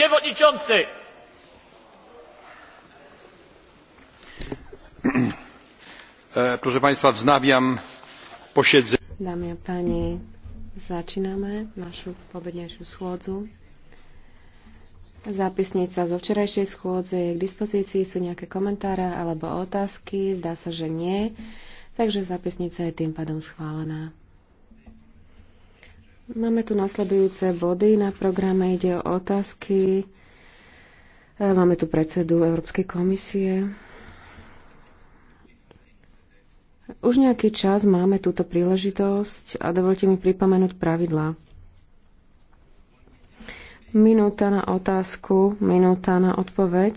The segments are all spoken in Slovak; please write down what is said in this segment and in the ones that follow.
przewodniczący! E, proszę Państwa, wznawiam posiedzenie. Dámy a páni, začíname našu pobednejšiu schôdzu. Zápisnica zo včerajšej schôdze je k dispozícii. Sú nejaké komentáre alebo otázky? Zdá sa, že nie. Takže zápisnica je tým pádom schválená. Máme tu nasledujúce body. Na programe ide o otázky. E, máme tu predsedu Európskej komisie. Už nejaký čas máme túto príležitosť a dovolte mi pripomenúť pravidlá. Minúta na otázku, minúta na odpoveď.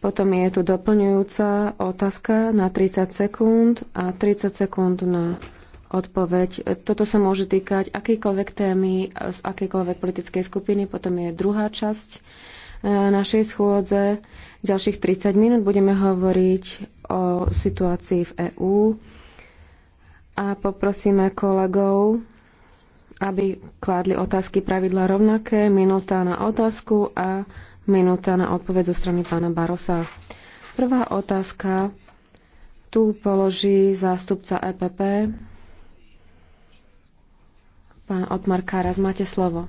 Potom je tu doplňujúca otázka na 30 sekúnd a 30 sekúnd na odpoveď. Toto sa môže týkať akýkoľvek témy z akejkoľvek politickej skupiny. Potom je druhá časť e, našej schôdze. Ďalších 30 minút budeme hovoriť o situácii v EÚ a poprosíme kolegov, aby kládli otázky pravidla rovnaké, minúta na otázku a minúta na odpoveď zo strany pána Barosa. Prvá otázka tu položí zástupca EPP Pán Otmar Karas, máte slovo.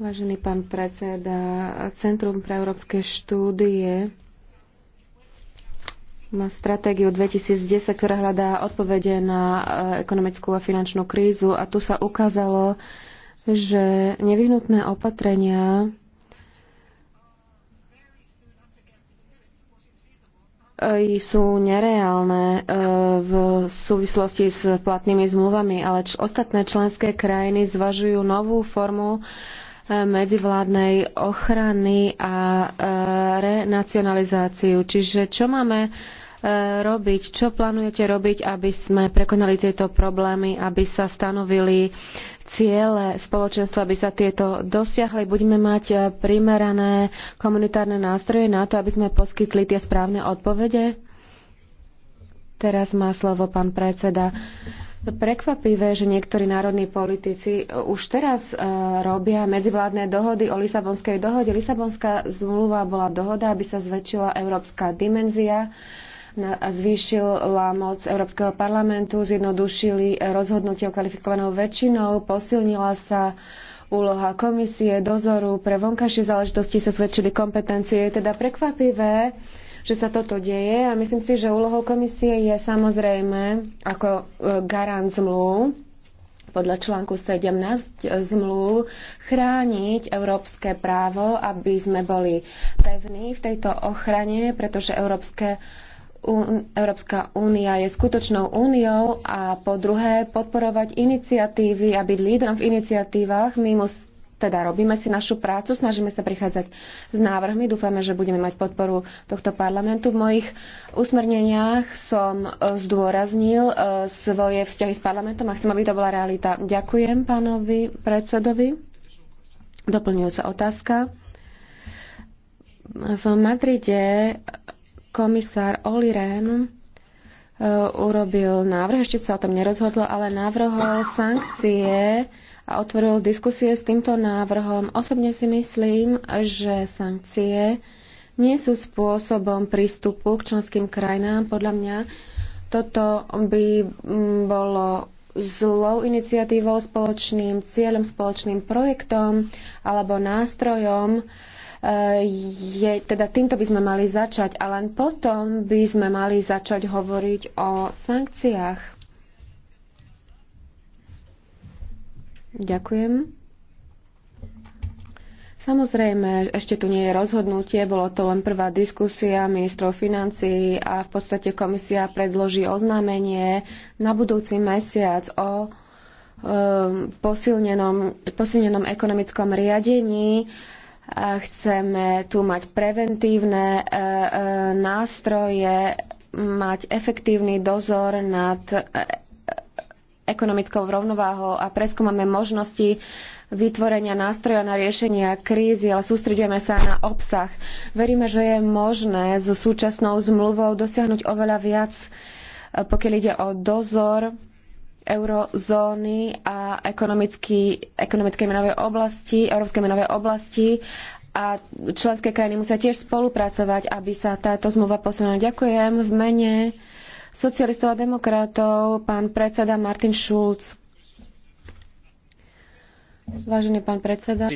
Vážený pán predseda, Centrum pre európske štúdie má stratégiu 2010, ktorá hľadá odpovede na eh, ekonomickú a finančnú krízu a tu sa ukázalo, že nevyhnutné opatrenia sú nereálne e, v súvislosti s platnými zmluvami, ale ostatné členské krajiny zvažujú novú formu e, medzivládnej ochrany a e, renacionalizáciu. Čiže čo máme robiť? Čo plánujete robiť, aby sme prekonali tieto problémy, aby sa stanovili ciele spoločenstva, aby sa tieto dosiahli. Budeme mať e, primerané komunitárne nástroje na to, aby sme poskytli tie správne odpovede. Teraz má slovo pán predseda. Prekvapivé, že niektorí národní politici e, už teraz e, robia medzivládne dohody o Lisabonskej dohode. Lisabonská zmluva bola dohoda, aby sa zväčšila európska dimenzia a zvýšila moc Európskeho parlamentu, zjednodušili rozhodnutie o kvalifikovanou väčšinou, posilnila sa úloha komisie dozoru pre vonkajšie záležitosti sa svedčili kompetencie. Je teda prekvapivé, že sa toto deje a myslím si, že úlohou komisie je samozrejme ako e, garant zmluv podľa článku 17 e, zmluv chrániť európske právo, aby sme boli pevní v tejto ochrane, pretože európske Európska únia je skutočnou úniou a po druhé podporovať iniciatívy a byť lídrom v iniciatívach. My mus, teda robíme si našu prácu, snažíme sa prichádzať s návrhmi, dúfame, že budeme mať podporu tohto parlamentu. V mojich usmerneniach som e, zdôraznil e, svoje vzťahy s parlamentom a chcem, aby to bola realita. Ďakujem pánovi predsedovi. Doplňujúca otázka. V Madride komisár Oli Rehn e, urobil návrh, ešte sa o tom nerozhodlo, ale navrhol sankcie a otvoril diskusie s týmto návrhom. Osobne si myslím, že sankcie nie sú spôsobom prístupu k členským krajinám. Podľa mňa toto by bolo zlou iniciatívou, spoločným cieľom, spoločným projektom alebo nástrojom, je, teda týmto by sme mali začať a len potom by sme mali začať hovoriť o sankciách. Ďakujem. Samozrejme, ešte tu nie je rozhodnutie, bolo to len prvá diskusia ministrov financií a v podstate komisia predloží oznámenie na budúci mesiac o um, posilnenom, posilnenom ekonomickom riadení. Uh, Chceme tu mať preventívne e, e, nástroje, mať efektívny dozor nad e, ekonomickou rovnováhou a preskúmame možnosti vytvorenia nástroja na riešenia krízy, ale sústredujeme sa na obsah. Veríme, že je možné so súčasnou zmluvou dosiahnuť oveľa viac, pokiaľ ide o dozor eurozóny a ekonomickej menovej oblasti, európskej menovej oblasti a členské krajiny musia tiež spolupracovať, aby sa táto zmluva posunula. Ďakujem v mene socialistov a demokratov pán predseda Martin Schulz. Vážený pán predseda.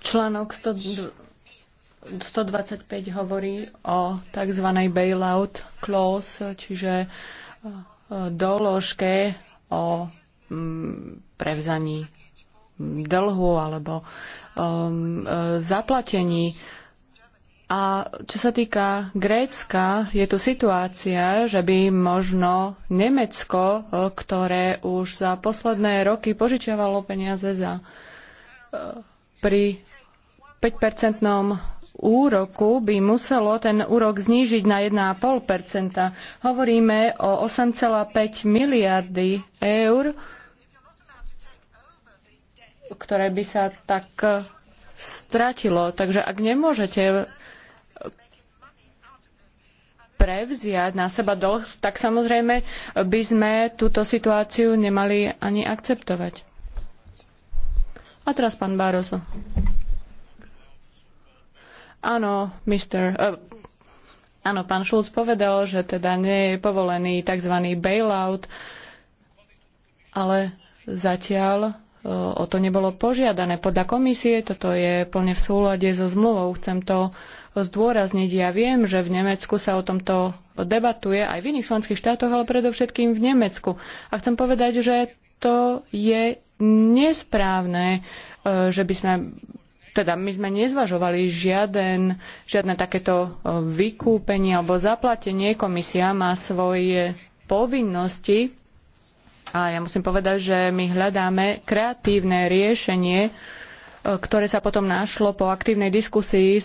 Článok 102 125 hovorí o tzv. bailout clause, čiže e, doložke o mm, prevzaní dlhu alebo um, e, zaplatení. A čo sa týka Grécka, je tu situácia, že by možno Nemecko, e, ktoré už za posledné roky požičiavalo peniaze za pri 5-percentnom úroku by muselo ten úrok znížiť na 1,5 Hovoríme o 8,5 miliardy eur, ktoré by sa tak stratilo. Takže ak nemôžete prevziať na seba dlh, tak samozrejme by sme túto situáciu nemali ani akceptovať. A teraz pán Barroso. Áno, mister, uh, áno, pán Schulz povedal, že teda nie je povolený tzv. bailout, ale zatiaľ uh, o to nebolo požiadané. Podľa komisie toto je plne v súlade so zmluvou. Chcem to zdôrazniť. Ja viem, že v Nemecku sa o tomto debatuje aj v iných členských štátoch, ale predovšetkým v Nemecku. A chcem povedať, že to je nesprávne, eh, že by sme teda my sme nezvažovali žiaden, žiadne takéto e, vykúpenie alebo zaplatenie. Komisia má svoje povinnosti a ja musím povedať, že my hľadáme kreatívne riešenie, E, ktoré sa potom našlo po aktívnej diskusii e,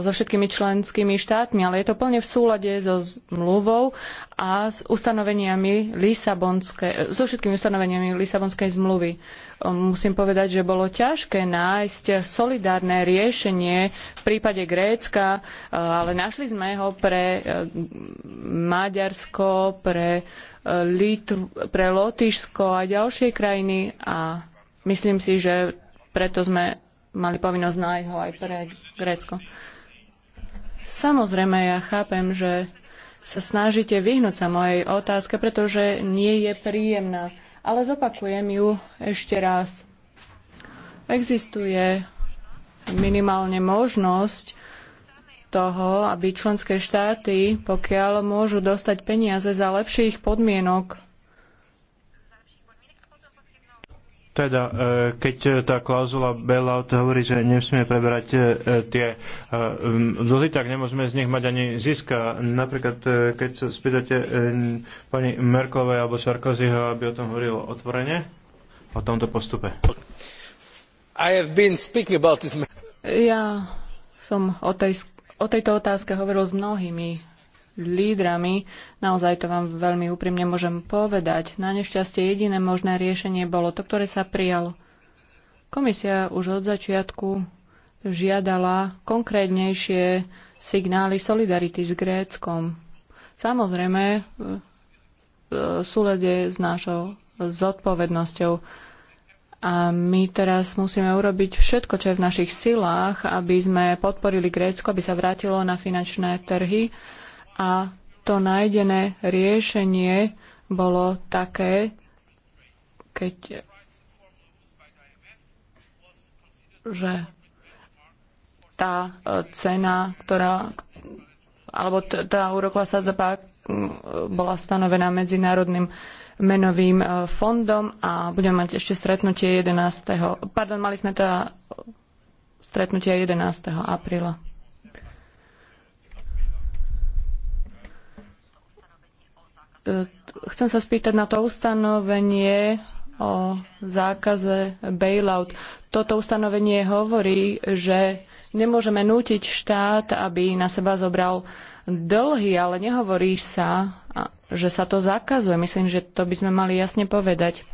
so všetkými členskými štátmi, ale je to plne v súlade so zmluvou a s ustanoveniami Lisabonskej, so všetkými ustanoveniami Lisabonskej zmluvy. E, musím povedať, že bolo ťažké nájsť solidárne riešenie v prípade Grécka, ale našli sme ho pre Maďarsko, pre Litv, pre Lotyšsko a ďalšie krajiny a myslím si, že preto sme mali povinnosť nájsť ho aj pre Grécko. Samozrejme, ja chápem, že sa snažíte vyhnúť sa mojej otázke, pretože nie je príjemná. Ale zopakujem ju ešte raz. Existuje minimálne možnosť toho, aby členské štáty, pokiaľ môžu dostať peniaze za lepších podmienok Teda, e, keď e, tá klauzula bailout hovorí, že nesmie preberať e, tie dlhy, tak nemôžeme z nich mať ani zisk. Napríklad, keď sa spýtate pani Merklovej alebo Sarkozyho, aby o tom hovorilo otvorene, o tomto postupe. I have been speaking about this... Ja som o, tej, o tejto otázke hovoril s mnohými lídrami. Naozaj to vám veľmi úprimne môžem povedať. Na nešťastie jediné možné riešenie bolo to, ktoré sa prijalo. Komisia už od začiatku žiadala konkrétnejšie signály solidarity s Gréckom. Samozrejme, v e, e, s našou zodpovednosťou. A my teraz musíme urobiť všetko, čo je v našich silách, aby sme podporili Grécko, aby sa vrátilo na finančné trhy a to nájdené riešenie bolo také, keď že tá e, cena, ktorá alebo tá úroková sadzba bola stanovená medzinárodným menovým e, fondom a budeme mať ešte stretnutie 11. Pardon, mali sme teda stretnutie 11. apríla. E, chcem sa spýtať na to ustanovenie o zákaze bailout. Toto ustanovenie hovorí, že nemôžeme nútiť štát, aby na seba zobral dlhy, ale nehovorí sa, že sa to zakazuje. Myslím, že to by sme mali jasne povedať.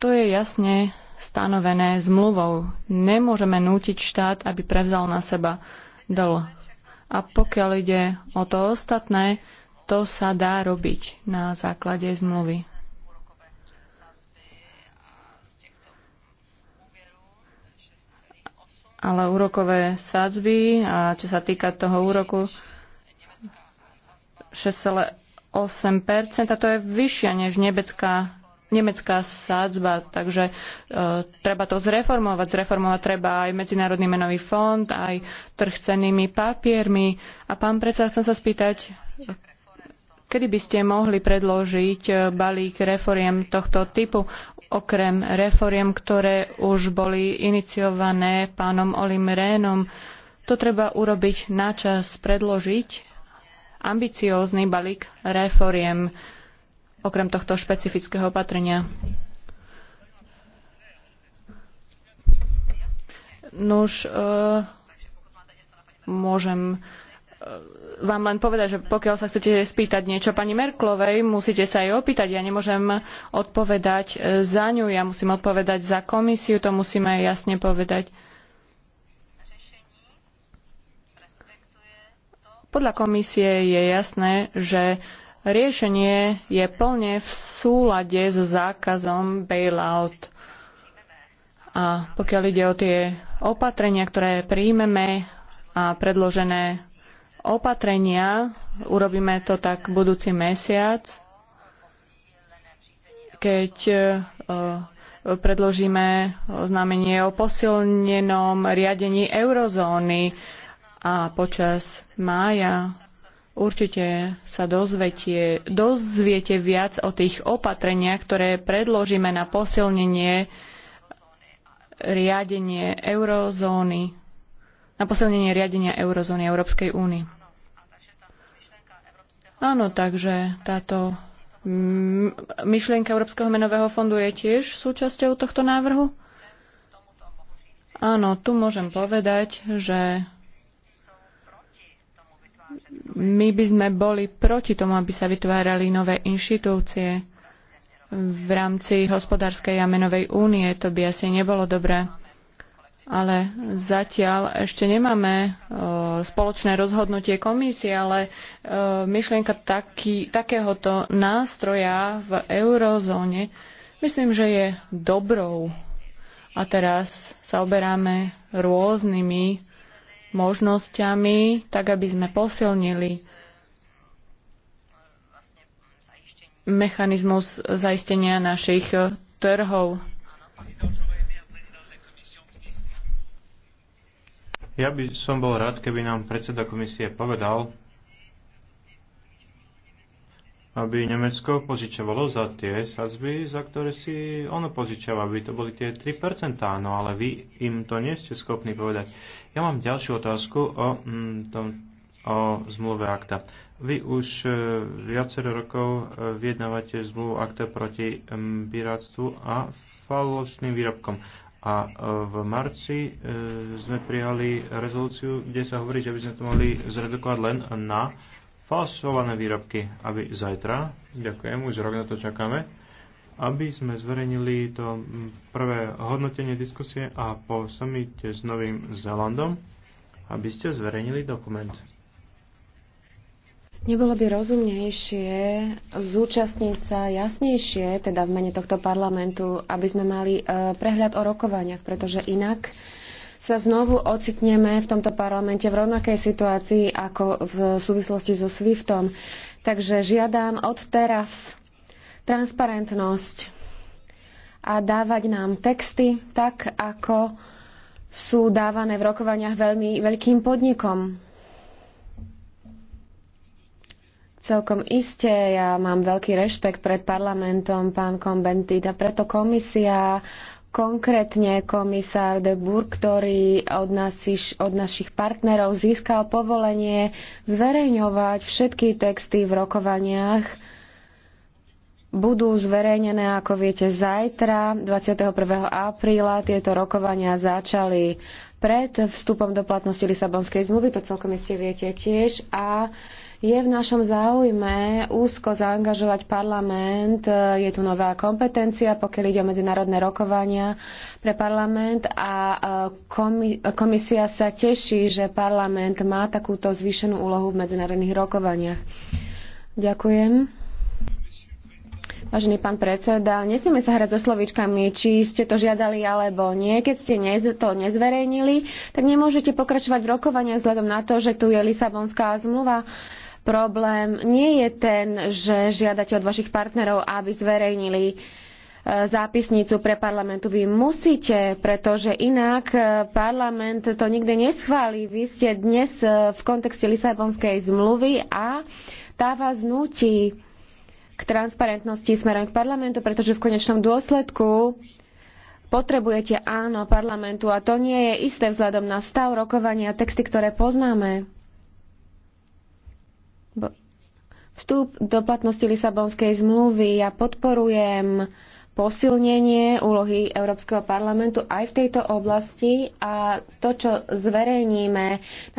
To je jasne stanovené zmluvou. Nemôžeme nútiť štát, aby prevzal na seba dlh. A pokiaľ ide o to ostatné, to sa dá robiť na základe zmluvy. Ale úrokové sádzby, a čo sa týka toho úroku 6,8%, to je vyššia než nebecká nemecká sádzba, takže uh, treba to zreformovať. Zreformovať treba aj Medzinárodný menový fond, aj trh cennými papiermi. A pán predsa, chcem sa spýtať, kedy by ste mohli predložiť e, balík reforiem tohto typu, okrem reforiem, ktoré už boli iniciované pánom Olim Rénom. To treba urobiť načas, predložiť ambiciózny balík reforiem okrem tohto špecifického opatrenia. Nuž, e, môžem e, vám len povedať, že pokiaľ sa chcete spýtať niečo pani Merklovej, musíte sa jej opýtať. Ja nemôžem odpovedať e, za ňu, ja musím odpovedať za komisiu, to musíme jasne povedať. Podľa komisie je jasné, že riešenie je plne v súlade so zákazom bailout. A pokiaľ ide o tie opatrenia, ktoré príjmeme a predložené opatrenia, urobíme to tak budúci mesiac, keď e, predložíme oznámenie o posilnenom riadení eurozóny a počas mája Určite sa dozviete, dozviete viac o tých opatreniach, ktoré predložíme na posilnenie riadenie eurozóny, na posilnenie riadenia eurozóny Európskej únie. Áno, takže táto myšlienka Európskeho menového fondu je tiež súčasťou tohto návrhu? Áno, tu môžem povedať, že my by sme boli proti tomu, aby sa vytvárali nové inštitúcie v rámci hospodárskej a menovej únie. To by asi nebolo dobré. Ale zatiaľ ešte nemáme spoločné rozhodnutie komisie, ale myšlienka taký, takéhoto nástroja v eurozóne myslím, že je dobrou. A teraz sa oberáme rôznymi možnosťami, tak aby sme posilnili mechanizmus zaistenia našich eh, trhov. Ja by som bol rád, keby nám predseda komisie povedal, aby Nemecko požičovalo za tie sazby, za ktoré si ono požičava, aby to boli tie 3%, no ale vy im to nie ste schopní povedať. Ja mám ďalšiu otázku o, mm, tom, o zmluve akta. Vy už e, viacero rokov e, vyjednávate zmluvu akta proti mm, piráctvu a falošným výrobkom. A e, v marci sme prijali rezolúciu, kde sa hovorí, že by sme to mali zredukovať len na falsované výrobky, aby zajtra, ďakujem, už rok na to čakáme, aby sme zverejnili to prvé hodnotenie diskusie a po samite s Novým Zelandom, aby ste zverejnili dokument. Nebolo by rozumnejšie zúčastniť sa jasnejšie, teda v mene tohto parlamentu, aby sme mali eh, prehľad o rokovaniach, pretože inak sa znovu ocitneme v tomto parlamente v rovnakej situácii ako v súvislosti so SWIFTom. Takže žiadam od teraz transparentnosť a dávať nám texty tak, ako sú dávané v rokovaniach veľmi veľkým podnikom. Celkom iste, ja mám veľký rešpekt pred parlamentom, pán Kombentit, a preto komisia uh, Konkrétne komisár de Burg, ktorý od, nasiš, od našich partnerov získal povolenie zverejňovať všetky texty v rokovaniach, budú zverejnené, ako viete, zajtra, 21. apríla. Tieto rokovania začali pred vstupom do platnosti Lisabonskej zmluvy, to celkom ste viete tiež. A je v našom záujme úzko zaangažovať parlament, je tu nová kompetencia, pokiaľ ide o medzinárodné rokovania pre parlament a e, komisia sa teší, že parlament má takúto zvýšenú úlohu v medzinárodných rokovaniach. Ďakujem. Vážený pán predseda, nesmieme sa hrať so slovíčkami, či ste to žiadali alebo nie. Keď ste to nezverejnili, tak nemôžete pokračovať v rokovaniach vzhľadom na to, že tu je Lisabonská zmluva. Problém nie je ten, že žiadate od vašich partnerov, aby zverejnili e, zápisnicu pre parlamentu. Vy musíte, pretože inak e, parlament to nikdy neschválí. Vy ste dnes e, v kontexte Lisabonskej zmluvy a tá vás nutí k transparentnosti smerom k parlamentu, pretože v konečnom dôsledku potrebujete áno parlamentu a to nie je isté vzhľadom na stav rokovania a texty, ktoré poznáme. Vstup do platnosti Lisabonskej zmluvy ja podporujem posilnenie úlohy Európskeho parlamentu aj v tejto oblasti a to, čo zverejníme,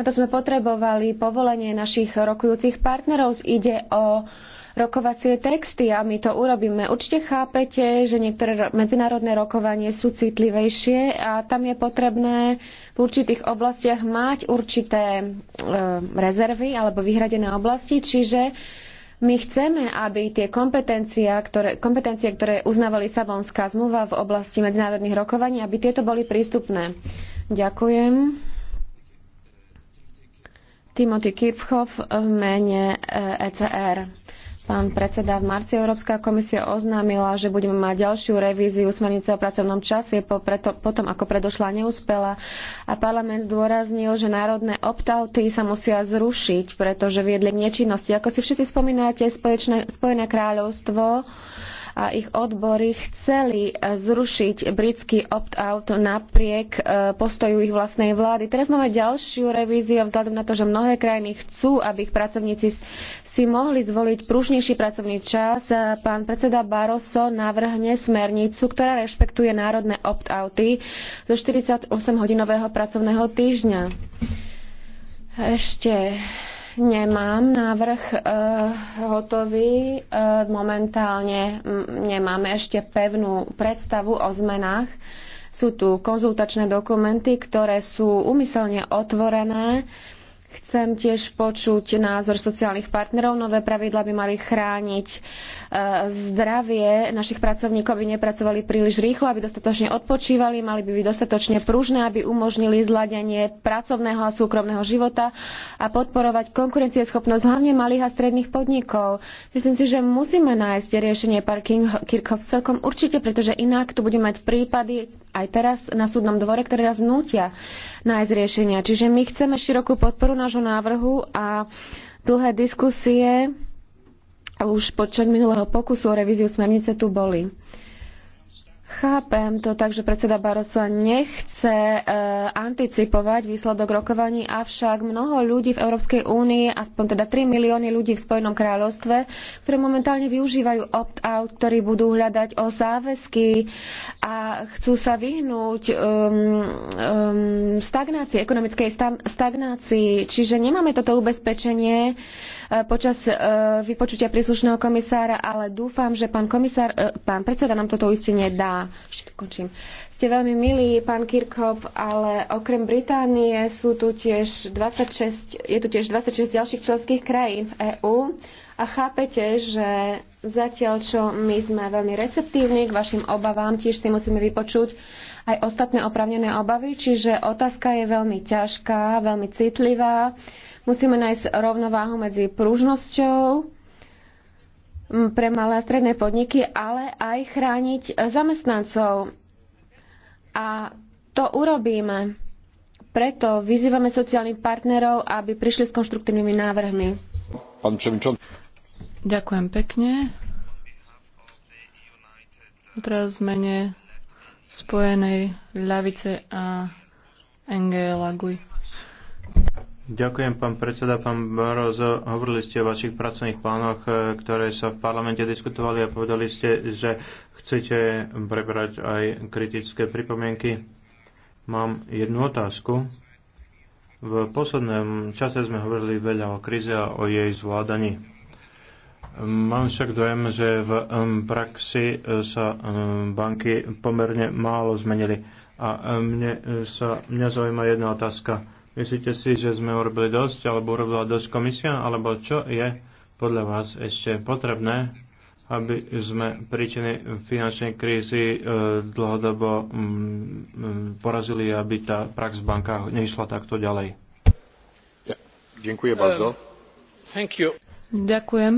na to sme potrebovali povolenie našich rokujúcich partnerov. Ide o rokovacie texty a my to urobíme. Určite chápete, že niektoré medzinárodné rokovanie sú citlivejšie a tam je potrebné v určitých oblastiach mať určité e, rezervy alebo vyhradené oblasti, čiže my chceme, aby tie kompetencie, ktoré, kompetencie, ktoré uznáva Lisabonská zmluva v oblasti medzinárodných rokovaní, aby tieto boli prístupné. Ďakujem. Timothy Kirchhoff v mene ECR. E Pán predseda, v marci Európska komisia oznámila, že budeme mať ďalšiu revíziu smernice o pracovnom čase po preto, potom, ako predošla neúspela. A parlament zdôraznil, že národné optauty sa musia zrušiť, pretože viedli k nečinnosti. Ako si všetci spomínate, Spojené kráľovstvo a ich odbory chceli e, zrušiť britský opt-out napriek e, postoju ich vlastnej vlády. Teraz máme ďalšiu revíziu vzhľadom na to, že mnohé krajiny chcú, aby ich pracovníci si mohli zvoliť pružnejší pracovný čas, pán predseda Barroso navrhne smernicu, ktorá rešpektuje národné opt-outy zo 48-hodinového pracovného týždňa. Ešte nemám návrh e, hotový. E, momentálne mm, nemáme ešte pevnú predstavu o zmenách. Sú tu konzultačné dokumenty, ktoré sú umyselne otvorené. E, Chcem tiež počuť názor sociálnych partnerov. Nové pravidla by mali chrániť zdravie našich pracovníkov, aby nepracovali príliš rýchlo, aby dostatočne odpočívali, mali by byť dostatočne pružné, aby umožnili zladenie pracovného a súkromného života a podporovať konkurencieschopnosť hlavne malých a stredných podnikov. Myslím si, že musíme nájsť riešenie parking Kirchhoff celkom určite, pretože inak tu budeme mať prípady aj teraz na súdnom dvore, ktoré nás nútia nájsť riešenia. Čiže my chceme širokú podporu nášho návrhu a dlhé diskusie už počas minulého pokusu o revíziu smernice tu boli. Chápem to tak, že predseda Barroso nechce e, anticipovať výsledok rokovaní, avšak mnoho ľudí v Európskej únii, aspoň teda 3 milióny ľudí v Spojenom kráľovstve, ktoré momentálne využívajú opt-out, ktorí budú hľadať o záväzky a chcú sa vyhnúť um, um, stagnácii, ekonomickej stagnácii. Čiže nemáme toto ubezpečenie, E, počas e, vypočutia príslušného komisára, ale dúfam, že pán komisár, e, pán predseda nám toto uistenie dá. Končím. Ste veľmi milí, pán Kirchhoff, ale okrem Británie sú tu tiež 26, je tu tiež 26 ďalších členských krajín v EÚ a chápete, že zatiaľ, čo my sme veľmi receptívni k vašim obavám, tiež si musíme vypočuť aj ostatné opravnené obavy, čiže otázka je veľmi ťažká, veľmi citlivá Musíme nájsť rovnováhu medzi pružnosťou pre malé a stredné podniky, ale aj chrániť zamestnancov. A to urobíme. Preto vyzývame sociálnych partnerov, aby prišli s konštruktívnymi návrhmi. Ďakujem pekne. Teraz mene Spojenej ľavice a Engela Gui. Ďakujem, pán predseda, pán Barozo. Hovorili ste o vašich pracovných plánoch, e, ktoré sa v parlamente diskutovali a povedali ste, že chcete prebrať aj kritické pripomienky. Mám jednu otázku. V poslednom čase sme hovorili veľa o kríze a o jej zvládaní. Mám však dojem, že v praxi e, sa banky pomerne málo zmenili. A mne e, sa, mňa zaujíma jedna otázka Myslíte si, že sme urobili dosť, alebo urobila dosť komisia, alebo čo je podľa vás ešte potrebné, aby sme príčiny finančnej krízy e, dlhodobo mm, mm, porazili, aby tá prax v bankách nešla takto ďalej? Ja, ďakujem um, Ďakujem.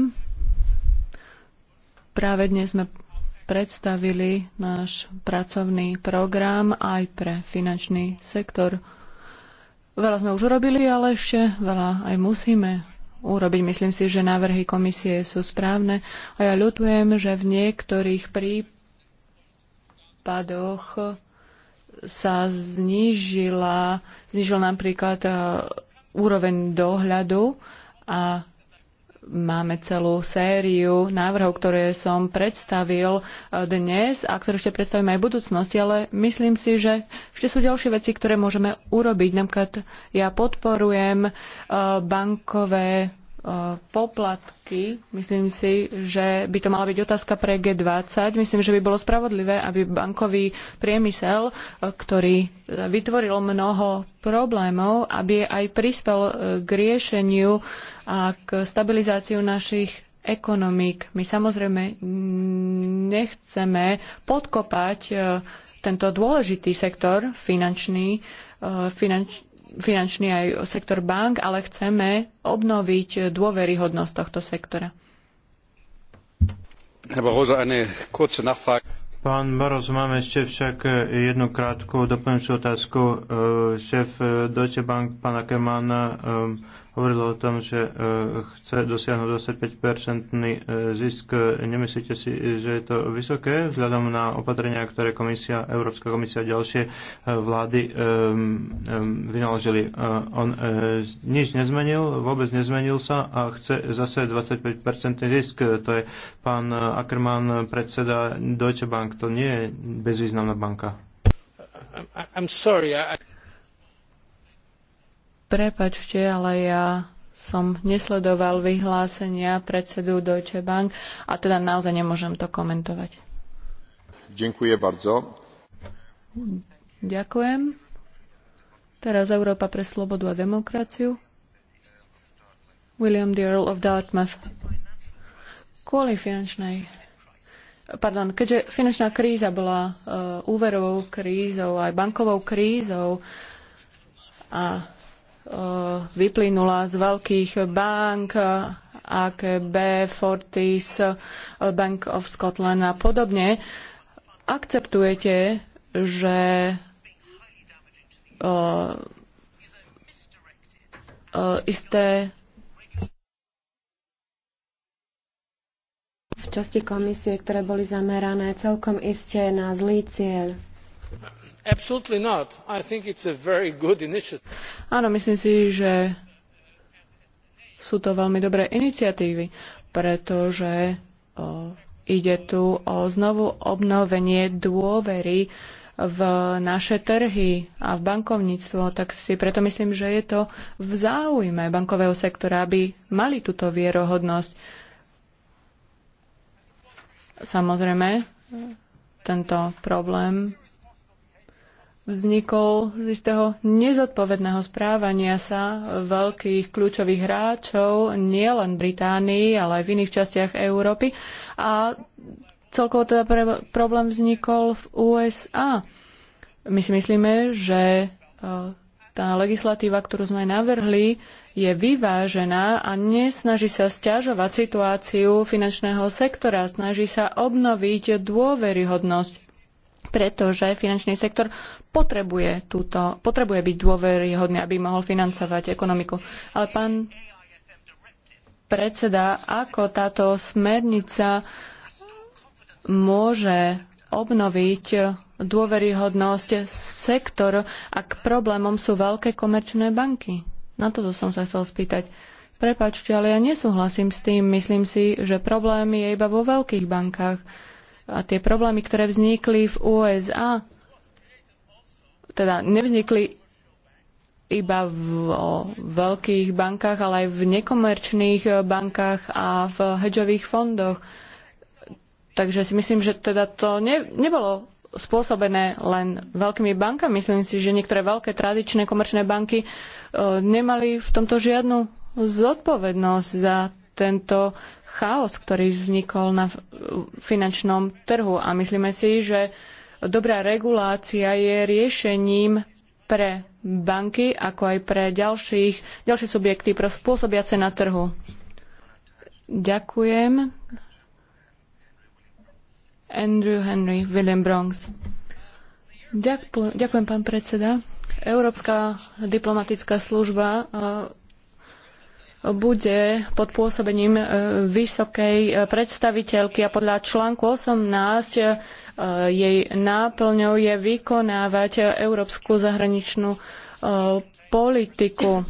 Práve dnes sme predstavili náš pracovný program aj pre finančný sektor. Veľa sme už urobili, ale ešte veľa aj musíme urobiť. Myslím si, že návrhy komisie sú správne a ja ľutujem, že v niektorých prípadoch sa znížila, znížil napríklad e, úroveň dohľadu a máme celú sériu návrhov, ktoré som predstavil eh, dnes a ktoré ešte predstavím aj v budúcnosti, ale myslím si, že ešte sú ďalšie veci, ktoré môžeme urobiť. Napríklad ja podporujem eh, bankové eh, poplatky. Myslím si, že by to mala byť otázka pre G20. Myslím, že by bolo spravodlivé, aby bankový priemysel, ktorý vytvoril mnoho problémov, aby aj prispel k riešeniu a k stabilizáciu našich ekonomík. My samozrejme nechceme podkopať e, tento dôležitý sektor finančný, e, finanč, finančný aj sektor bank, ale chceme obnoviť dôveryhodnosť tohto sektora. Pán Baros, máme ešte však e, jednu krátku doplňujúcu otázku. Šéf Deutsche Bank, pán Ackermann, hovorilo o tom, že e, chce dosiahnuť 25-percentný e, zisk. Nemyslíte si, že je to vysoké vzhľadom na opatrenia, ktoré komisia, Európska komisia a ďalšie e, vlády vynaložili? On nič nezmenil, vôbec nezmenil sa a chce zase 25-percentný zisk. To je pán Ackermann, predseda Deutsche Bank. To nie je bezvýznamná banka. I'm sorry, I... Prepačte, ale ja som nesledoval vyhlásenia predsedu Deutsche Bank a teda naozaj nemôžem to komentovať. Ďakujem bardzo. Ďakujem. Teraz Európa pre slobodu a demokraciu. William the Earl of Dartmouth. Kvôli finančnej pardon, keďže finančná kríza bola uh, úverovou krízou, aj bankovou krízou a Eh, vyplynula z veľkých bank, B, Fortis, Bank of Scotland a podobne. Akceptujete, že eh, isté v časti komisie, ktoré boli zamerané celkom iste na zlý cieľ. Áno, myslím si, že sú to veľmi dobré iniciatívy, pretože o, ide tu o znovu obnovenie dôvery v naše trhy a v bankovníctvo, tak si preto myslím, že je to v záujme bankového sektora, aby mali túto vierohodnosť. Samozrejme, tento problém vznikol z istého nezodpovedného správania sa veľkých kľúčových hráčov, nielen Británii, ale aj v iných častiach Európy. A celkovo teda pre- problém vznikol v USA. My si myslíme, že e, tá legislatíva, ktorú sme aj navrhli, je vyvážená a nesnaží sa stiažovať situáciu finančného sektora, snaží sa obnoviť dôveryhodnosť pretože finančný sektor potrebuje, túto, potrebuje byť dôveryhodný, aby mohol financovať ekonomiku. Ale pán predseda, ako táto smernica môže obnoviť dôveryhodnosť sektor, ak problémom sú veľké komerčné banky? Na toto som sa chcel spýtať. Prepačte, ale ja nesúhlasím s tým. Myslím si, že problém je iba vo veľkých bankách a tie problémy, ktoré vznikli v USA, teda nevznikli iba v o veľkých bankách, ale aj v nekomerčných e, bankách a v hedžových fondoch. Takže si myslím, že teda to ne, nebolo spôsobené len veľkými bankami. Myslím si, že niektoré veľké tradičné komerčné banky e, nemali v tomto žiadnu zodpovednosť za tento chaos, ktorý vznikol na finančnom trhu a myslíme si, že dobrá regulácia je riešením pre banky, ako aj pre ďalších, ďalšie subjekty pre spôsobiace na trhu. Ďakujem. Andrew Henry, William Bronx. Ďakujem, ďakujem pán predseda. Európska diplomatická služba bude pod pôsobením e, vysokej e, predstaviteľky a podľa článku 18 e, jej náplňou je vykonávať európsku zahraničnú politiku.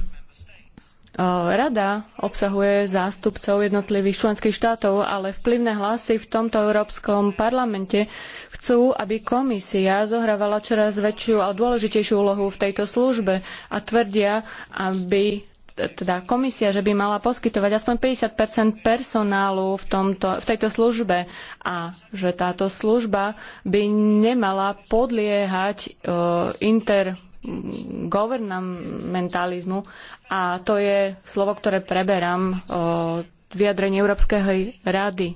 Rada obsahuje zástupcov jednotlivých členských štátov, ale vplyvné hlasy v tomto Európskom parlamente chcú, aby komisia zohrávala čoraz väčšiu a dôležitejšiu úlohu v tejto službe a tvrdia, aby teda komisia, že by mala poskytovať aspoň 50 personálu v, tomto, v tejto službe a že táto služba by nemala podliehať uh, e, inter governmentalizmu a to je slovo, ktoré preberám uh, vyjadrenie Európskej rady.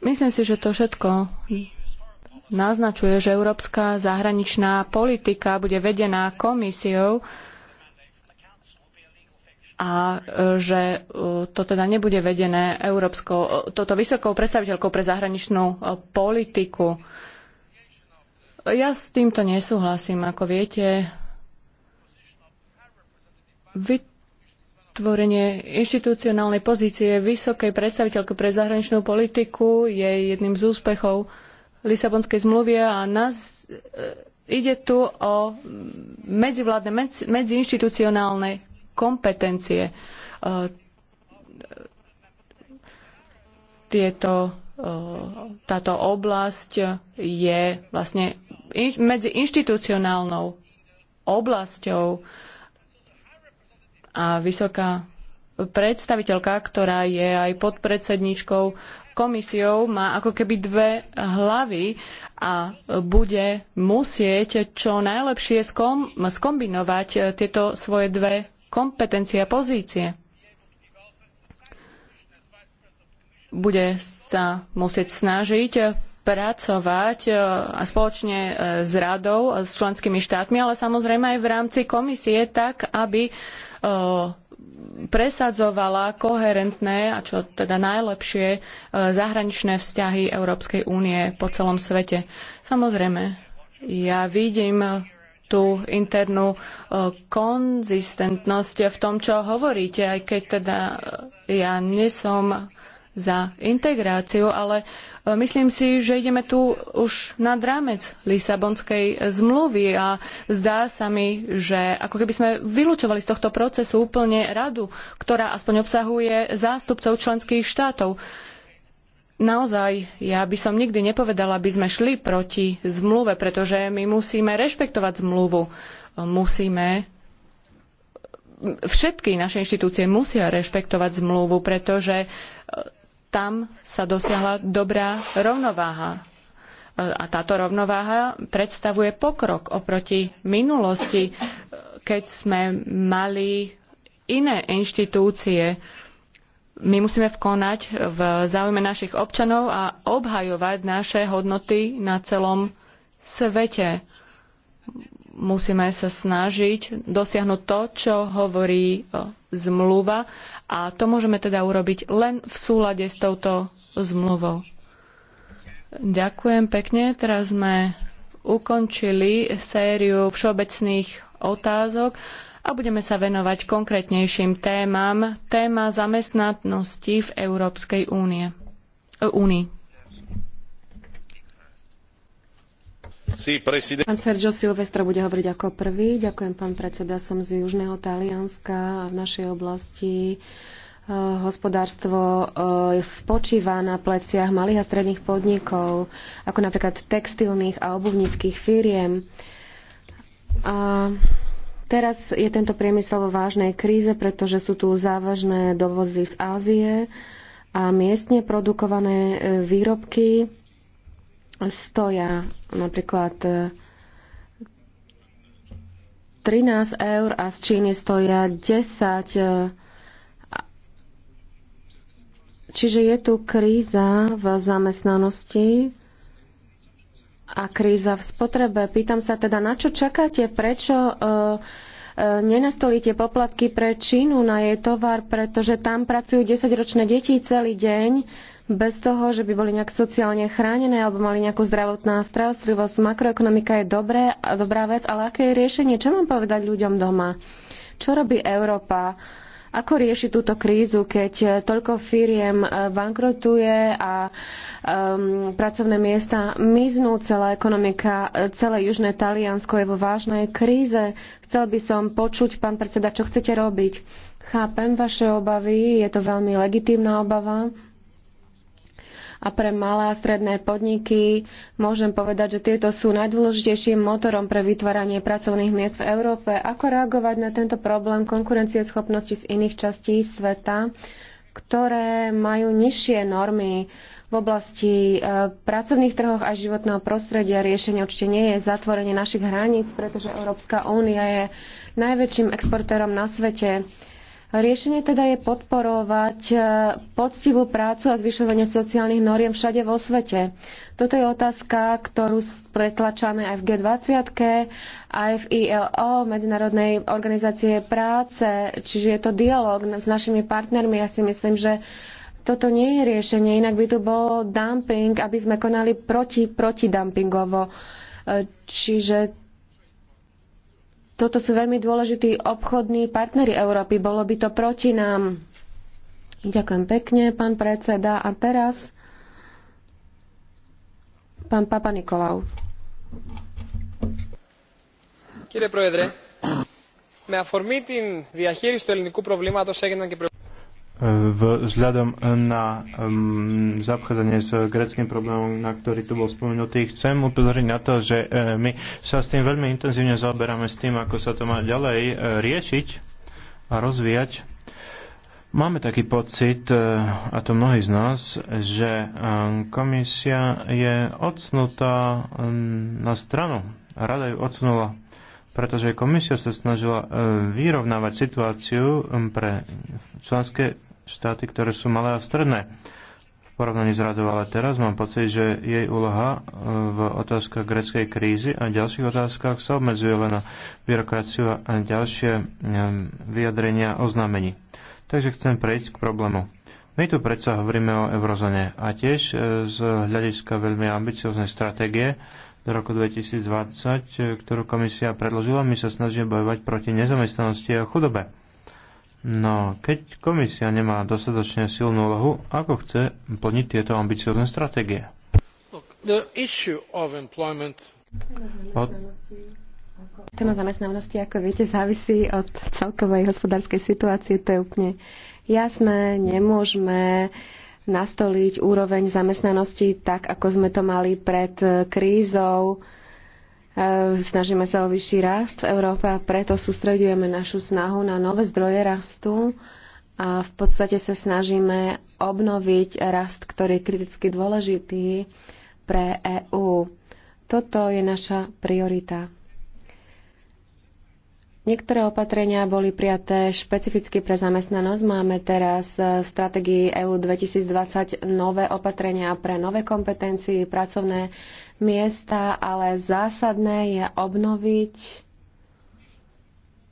Myslím si, že to všetko naznačuje, že európska zahraničná politika bude vedená komisiou, a e, že e, to teda nebude vedené európskou, e, toto vysokou predstaviteľkou pre zahraničnú politiku. Ja s týmto nesúhlasím, ako viete. Vytvorenie inštitucionálnej pozície vysokej predstaviteľky pre zahraničnú politiku je jedným z úspechov Lisabonskej zmluvy a nás, ide tu o medzivládne, medzi, medziinštitucionálne kompetencie. E, tieto, e, táto oblasť je vlastne medzi inštitucionálnou oblasťou a vysoká predstaviteľka, ktorá je aj podpredsedničkou komisiou, má ako keby dve hlavy a bude musieť čo najlepšie skom, skombinovať tieto svoje dve kompetencie a pozície. Bude sa musieť snažiť pracovať e, spoločne e, s radou, e, s členskými štátmi, ale samozrejme aj v rámci komisie, tak aby presadzovala koherentné a čo teda najlepšie zahraničné vzťahy Európskej únie po celom svete. Samozrejme, ja vidím tú internú e, konzistentnosť v tom, čo hovoríte, aj keď teda ja nesom za integráciu, ale e, myslím si, že ideme tu už nad rámec Lisabonskej zmluvy a zdá sa mi, že ako keby sme vylúčovali z tohto procesu úplne radu, ktorá aspoň obsahuje zástupcov členských štátov. Uh, Naozaj, ja by som nikdy nepovedala, aby sme šli proti zmluve, pretože my musíme rešpektovať zmluvu. Musíme všetky naše inštitúcie musia rešpektovať zmluvu, pretože e, tam sa dosiahla dobrá rovnováha. E, a táto rovnováha predstavuje pokrok oproti minulosti, e, keď sme mali iné inštitúcie, my musíme konať v záujme našich občanov a obhajovať naše hodnoty na celom svete. Musíme sa snažiť dosiahnuť to, čo hovorí e, zmluva a to môžeme teda urobiť len v súlade s touto zmluvou. Ďakujem pekne. Teraz sme ukončili sériu všeobecných otázok a budeme sa venovať konkrétnejším témam, téma zamestnanosti v Európskej únie. E, únii. Pán Sergio Silvestro bude hovoriť ako prvý. Ďakujem, pán predseda. Som z Južného Talianska a v našej oblasti e, hospodárstvo e, spočíva na pleciach malých a stredných podnikov, ako napríklad textilných a obuvníckých firiem. A Teraz je tento priemysel vo vážnej kríze, pretože sú tu závažné dovozy z Ázie a miestne produkované e, výrobky stoja napríklad 13 e, eur a z Číny stoja 10 e, Čiže je tu kríza v zamestnanosti, a kríza v spotrebe. Pýtam sa teda, na čo čakáte? Prečo e, e, nenastolíte poplatky pre Čínu na jej tovar, pretože tam pracujú 10-ročné deti celý deň bez toho, že by boli nejak sociálne chránené alebo mali nejakú zdravotná starostlivosť. Makroekonomika je dobré, dobrá vec, ale aké je riešenie? Čo mám povedať ľuďom doma? Čo robí Európa? Ako rieši túto krízu, keď eh, toľko firiem eh, bankrotuje a um, pracovné miesta miznú, celá ekonomika, eh, celé južné Taliansko je vo vážnej kríze. Chcel by som počuť, pán predseda, čo chcete robiť. Chápem vaše obavy, je to veľmi legitímna obava a pre malé a stredné podniky môžem povedať, že tieto sú najdôležitejším motorom pre vytváranie pracovných miest v Európe. Ako reagovať na tento problém konkurencieschopnosti z iných častí sveta, ktoré majú nižšie normy v oblasti e, pracovných trhoch a životného prostredia riešenie určite nie je zatvorenie našich hraníc, pretože Európska únia je najväčším exportérom na svete. Riešenie teda je podporovať e, poctivú prácu a zvyšovanie sociálnych noriem všade vo svete. Toto je otázka, ktorú pretlačame aj v G20, aj v ILO, Medzinárodnej organizácie práce, čiže je to dialog s našimi partnermi. Ja si myslím, že toto nie je riešenie, inak by tu bol dumping, aby sme konali proti, protidumpingovo. E, čiže toto sú veľmi dôležití obchodní partnery Európy. Bolo by to proti nám. Ďakujem pekne, pán predseda. A teraz pán Papa Nikolau. Κύριε Πρόεδρε, με αφορμή την διαχείριση του ελληνικού προβλήματος έγιναν και vzhľadom na um, zaobchádzanie s greckým problémom, na ktorý tu bol spomenutý, chcem upozorniť na to, že uh, my sa s tým veľmi intenzívne zaoberáme s tým, ako sa to má ďalej uh, riešiť a rozvíjať. Máme taký pocit, uh, a to mnohí z nás, že um, komisia je odsnutá um, na stranu. Rada ju odsunula pretože komisia sa snažila vyrovnávať situáciu pre členské štáty, ktoré sú malé a stredné v porovnaní s radou, ale teraz mám pocit, že jej úloha e, v otázkach greckej krízy a ďalších otázkach sa obmedzuje len na byrokraciu a ďalšie e, vyjadrenia oznámení. Takže chcem prejsť k problému. My tu predsa hovoríme o eurozóne a tiež e, z hľadiska veľmi ambicioznej stratégie do roku 2020, ktorú komisia predložila, my sa snažíme bojovať proti nezamestnanosti a chudobe. No, keď komisia nemá dostatočne silnú lohu, ako chce plniť tieto ambiciozne stratégie? Téma zamestnanosti, ako viete, závisí od celkovej hospodárskej situácie. To je úplne jasné. Nemôžeme nastoliť úroveň zamestnanosti tak, ako sme to mali pred krízou E, snažíme sa o vyšší rast v Európe a preto sústredujeme našu snahu na nové zdroje rastu a v podstate sa snažíme obnoviť rast, ktorý je kriticky dôležitý pre EÚ. Toto je naša priorita. Niektoré opatrenia boli prijaté špecificky pre zamestnanosť. Máme teraz v stratégii EU 2020 nové opatrenia pre nové kompetencie, pracovné miesta, ale zásadné je obnoviť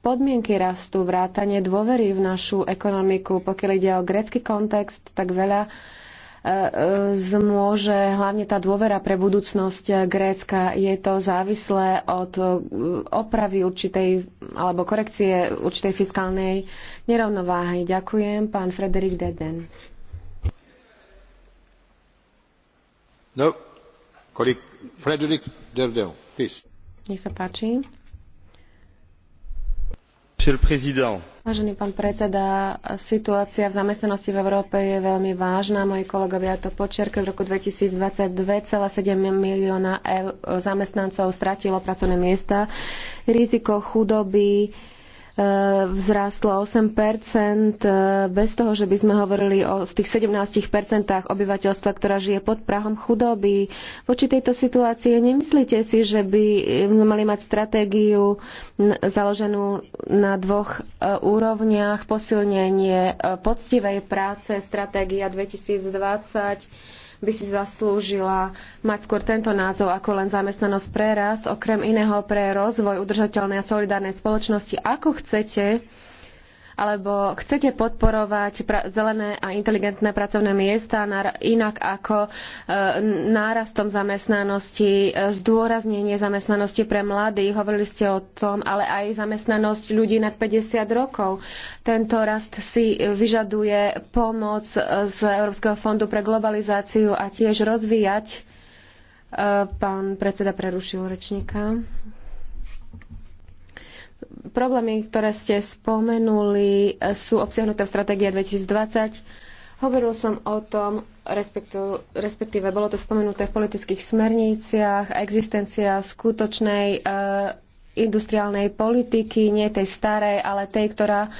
podmienky rastu, vrátanie dôvery v našu ekonomiku. Pokiaľ ide o grecký kontext, tak veľa e, e, zmôže hlavne tá dôvera pre budúcnosť Grécka. Je to závislé od e, opravy určitej alebo korekcie určitej fiskálnej nerovnováhy. Ďakujem, pán Frederik Deden. No, kolik Vážený pán predseda, situácia v zamestnanosti v Európe je veľmi vážna. Moji kolegovia to podčiarkli V roku 2020 seven milióna zamestnancov stratilo pracovné miesta. Riziko chudoby vzrástlo 8 e, bez toho, že by sme hovorili o tých 17 obyvateľstva, ktorá žije pod prahom chudoby. Voči tejto situácii nemyslíte si, že by mali mať stratégiu založenú na dvoch e, úrovniach, posilnenie e, poctivej práce, stratégia 2020 by si zaslúžila mať skôr tento názov ako len zamestnanosť pre rast, okrem iného pre rozvoj udržateľnej a solidárnej spoločnosti. Ako chcete alebo chcete podporovať zelené a inteligentné pracovné miesta inak ako e, nárastom zamestnanosti, e, zdôraznenie zamestnanosti pre mladých, hovorili ste o tom, ale aj zamestnanosť ľudí nad 50 rokov. Tento rast si vyžaduje pomoc e, z Európskeho fondu pre globalizáciu a tiež rozvíjať. Pán predseda prerušil rečníka. Problémy, ktoré ste spomenuli, sú obsiahnuté v stratégie 2020. Hovoril som o tom, respektíve bolo to spomenuté v politických smerniciach, existencia skutočnej e, industriálnej politiky, nie tej starej, ale tej, ktorá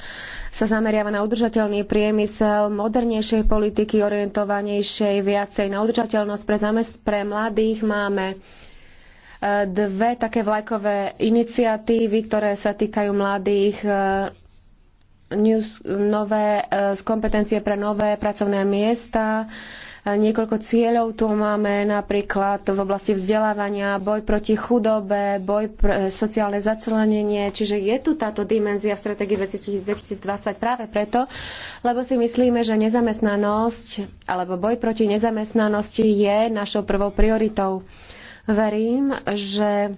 sa zameriava na udržateľný priemysel, modernejšej politiky, orientovanejšej, viacej na udržateľnosť pre, zamest- pre mladých. Máme dve také vlajkové iniciatívy, ktoré sa týkajú mladých e, news, nové e, z kompetencie pre nové pracovné miesta. E, niekoľko cieľov tu máme, napríklad v oblasti vzdelávania, boj proti chudobe, boj pre sociálne začlenenie, čiže je tu táto dimenzia v stratégii 2020 práve preto, lebo si myslíme, že nezamestnanosť alebo boj proti nezamestnanosti je našou prvou prioritou. Verím, že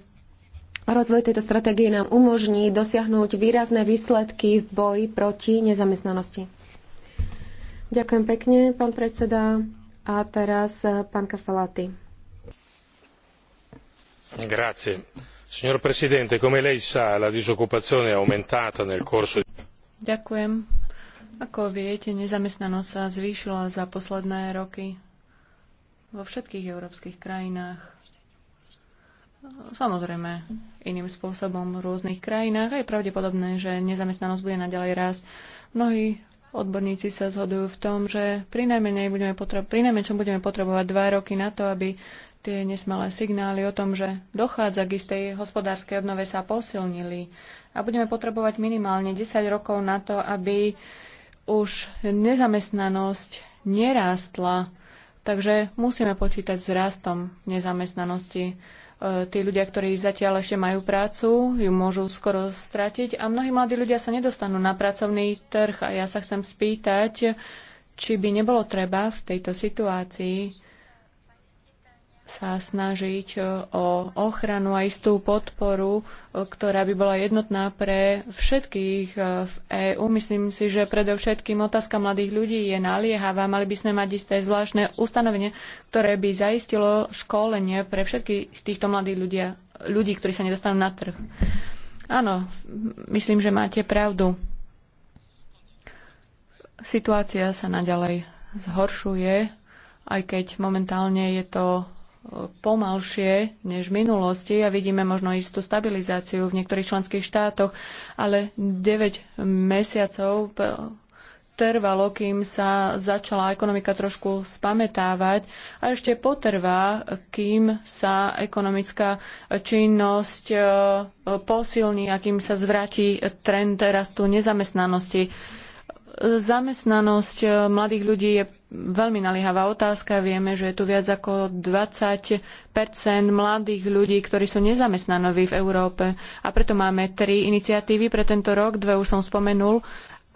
rozvoj tejto stratégie nám umožní dosiahnuť výrazné výsledky v boji proti nezamestnanosti. Ďakujem pekne, pán predseda. A teraz eh, pán Kafalati. Grazie. Signor Presidente, come lei sa, la disoccupazione è aumentata nel corso di... Ďakujem. Ako viete, nezamestnanosť sa zvýšila za posledné roky vo všetkých európskych krajinách samozrejme iným spôsobom v rôznych krajinách a je pravdepodobné, že nezamestnanosť bude naďalej raz. Mnohí odborníci sa zhodujú v tom, že pri budeme potrebo- pri najmenšom budeme potrebovať dva roky na to, aby tie nesmelé signály o tom, že dochádza k istej hospodárskej obnove sa posilnili a budeme potrebovať minimálne 10 rokov na to, aby už nezamestnanosť nerástla. Takže musíme počítať s rastom nezamestnanosti tí ľudia, ktorí zatiaľ ešte majú prácu, ju môžu skoro stratiť a mnohí mladí ľudia sa nedostanú na pracovný trh a ja sa chcem spýtať, či by nebolo treba v tejto situácii sa snažiť e, o ochranu a istú podporu, e, ktorá by bola jednotná pre všetkých e, v EÚ. Myslím si, že predovšetkým otázka mladých ľudí je naliehavá. Mali by sme mať isté zvláštne ustanovenie, ktoré by zaistilo školenie pre všetkých týchto mladých ľudia, ľudí, ktorí sa nedostanú na trh. Áno, myslím, že máte pravdu. Situácia sa naďalej zhoršuje, aj keď momentálne je to pomalšie než v minulosti a vidíme možno istú stabilizáciu v niektorých členských štátoch, ale 9 mesiacov trvalo, kým sa začala ekonomika trošku spametávať a ešte potrvá, kým sa ekonomická činnosť e, posilní a kým sa zvráti trend rastu nezamestnanosti. Zamestnanosť e, mladých ľudí je veľmi naliehavá otázka. Vieme, že je tu viac ako 20 mladých ľudí, ktorí sú nezamestnaní v Európe. A preto máme tri iniciatívy pre tento rok. Dve už som spomenul.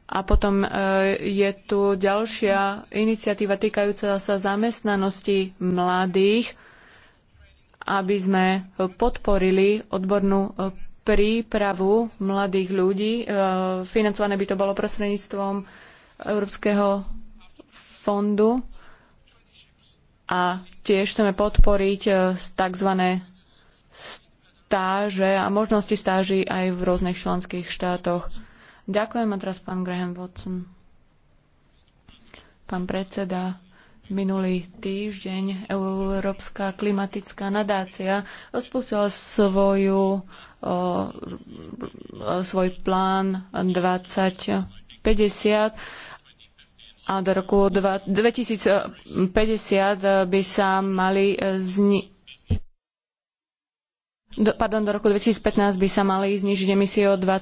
A potom e, je tu ďalšia iniciatíva týkajúca sa zamestnanosti mladých, aby sme podporili odbornú prípravu mladých ľudí. E, financované by to bolo prostredníctvom Európskeho fondu a tiež chceme podporiť e, tzv. stáže a možnosti stáží aj v rôznych členských štátoch. Ďakujem a teraz pán Graham Watson. Pán predseda, Minulý týždeň Európska klimatická nadácia spustila svoju, o, svoj plán 2050 a do roku 2050 by sa mali zni- do, pardon, do roku 2015 by sa mali znižiť emisie o 20, e,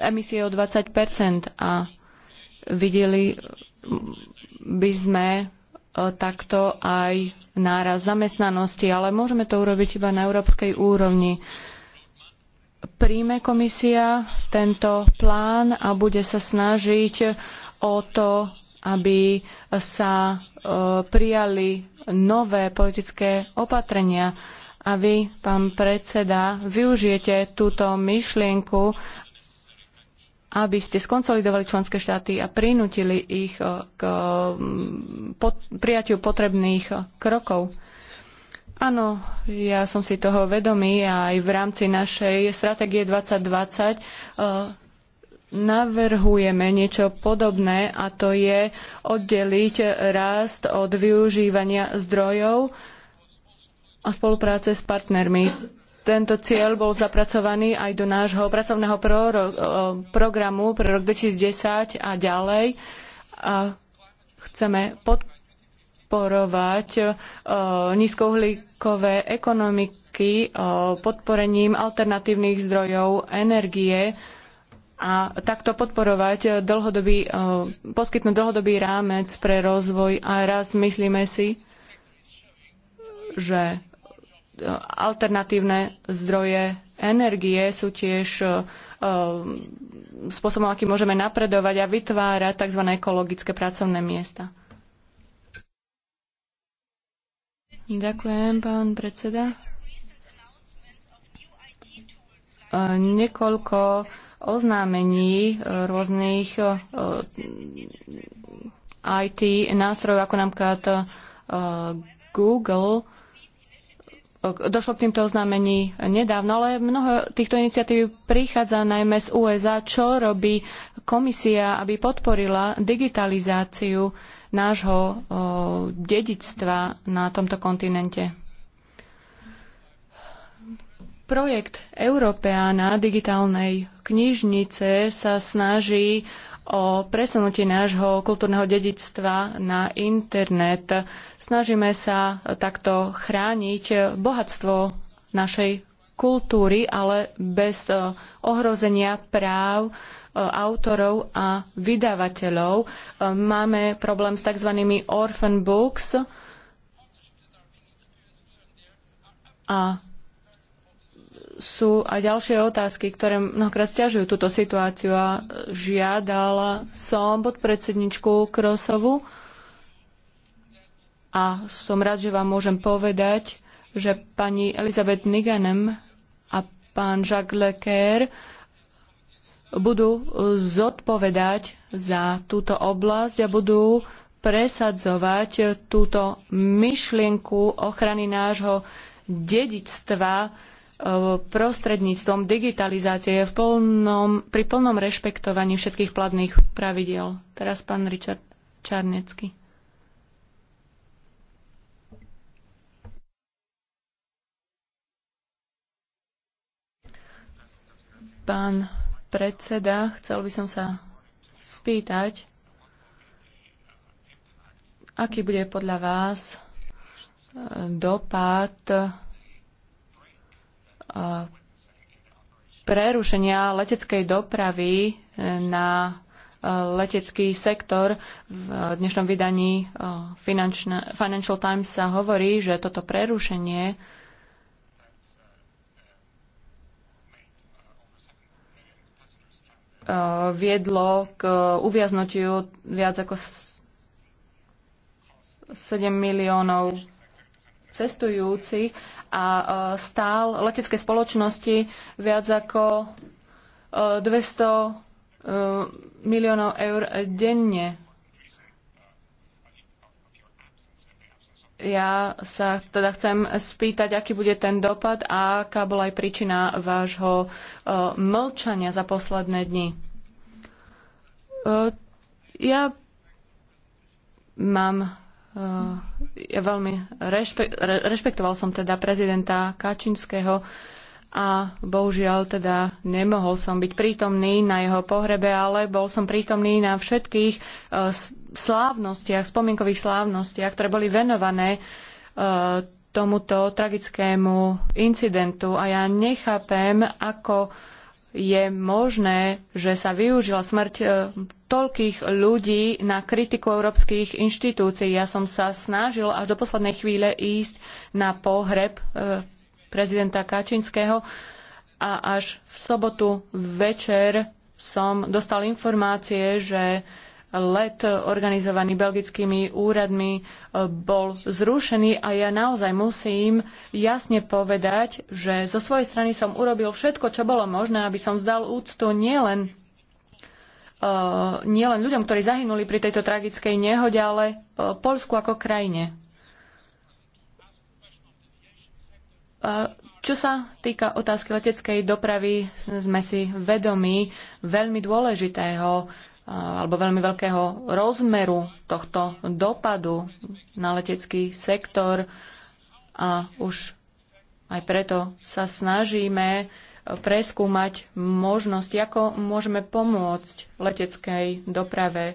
emisie o 20 a videli by sme e, takto aj náraz zamestnanosti, ale môžeme to urobiť iba na európskej úrovni. Príjme komisia tento plán a bude sa snažiť o to, aby sa e, prijali nové politické opatrenia. A vy, pán predseda, využijete túto myšlienku aby ste skonsolidovali členské štáty a prinútili ich eh, k mm, prijatiu potrebných eh, krokov. Áno, ja som si toho vedomý a aj v rámci našej stratégie 2020 eh, navrhujeme niečo podobné a to je oddeliť rast od využívania zdrojov a spolupráce s partnermi tento cieľ bol zapracovaný aj do nášho pracovného programu pre rok 2010 a ďalej. A chceme podporovať uh, nízkouhlíkové ekonomiky uh, podporením alternatívnych zdrojov energie a takto podporovať dlhodobý, uh, poskytnúť dlhodobý rámec pre rozvoj a rast. Myslíme si, že alternatívne zdroje energie sú tiež e, e, spôsobom, aký môžeme napredovať a vytvárať tzv. ekologické pracovné miesta. Ďakujem, pán predseda. E, niekoľko oznámení rôznych IT nástrojov, ako napríklad Google, došlo k týmto oznámení nedávno, ale mnoho týchto iniciatív prichádza najmä z USA, čo robí komisia, aby podporila digitalizáciu nášho dedičstva na tomto kontinente. Projekt Európeana digitálnej knižnice sa snaží o presunutí nášho kultúrneho dedičstva na internet. Snažíme sa takto chrániť bohatstvo našej kultúry, ale bez e, ohrozenia práv e, autorov a vydavateľov. E, máme problém s tzv. orphan books a sú aj ďalšie otázky, ktoré mnohokrát stiažujú túto situáciu a žiadala som predsedničku Krosovu a som rád, že vám môžem povedať, že pani Elizabeth Niganem a pán Jacques Lecaire budú zodpovedať za túto oblasť a budú presadzovať túto myšlienku ochrany nášho dedičstva prostredníctvom digitalizácie v plnom, pri plnom rešpektovaní všetkých platných pravidiel. Teraz pán Richard Čarnecký. Pán predseda, chcel by som sa spýtať, aký bude podľa vás eh, dopad E, prerušenia leteckej dopravy e, na e, letecký sektor. V dnešnom vydaní Financial Times sa hovorí, že toto prerušenie viedlo k uviaznutiu viac ako 7 miliónov cestujúcich a e, stál letecké spoločnosti viac ako 200 e, e, miliónov eur denne. Ja sa teda chcem spýtať, aký bude ten dopad a aká bola aj príčina vášho mlčania za posledné dni. Ja mám Eh, ja veľmi rešpe, rešpektoval som teda prezidenta Kačinského a bohužiaľ teda nemohol som byť prítomný na jeho pohrebe, ale bol som prítomný na všetkých eh, slávnostiach, spomienkových slávnostiach, ktoré boli venované eh, tomuto tragickému incidentu a ja nechápem, ako je možné, že sa využila smrť e, toľkých ľudí na kritiku európskych inštitúcií. Ja som sa snažil až do poslednej chvíle ísť na pohreb e, prezidenta Kačinského a až v sobotu večer som dostal informácie, že let organizovaný belgickými úradmi e, bol zrušený a ja naozaj musím jasne povedať, že zo svojej strany som urobil všetko, čo bolo možné, aby som vzdal úctu nielen uh, nielen ľuďom, ktorí zahynuli pri tejto tragickej nehode, ale uh, Polsku ako krajine. Uh, čo sa týka otázky leteckej dopravy, sme si vedomi veľmi dôležitého alebo veľmi veľkého rozmeru tohto dopadu na letecký sektor a už aj preto sa snažíme e, preskúmať možnosti, ako môžeme pomôcť leteckej doprave. E,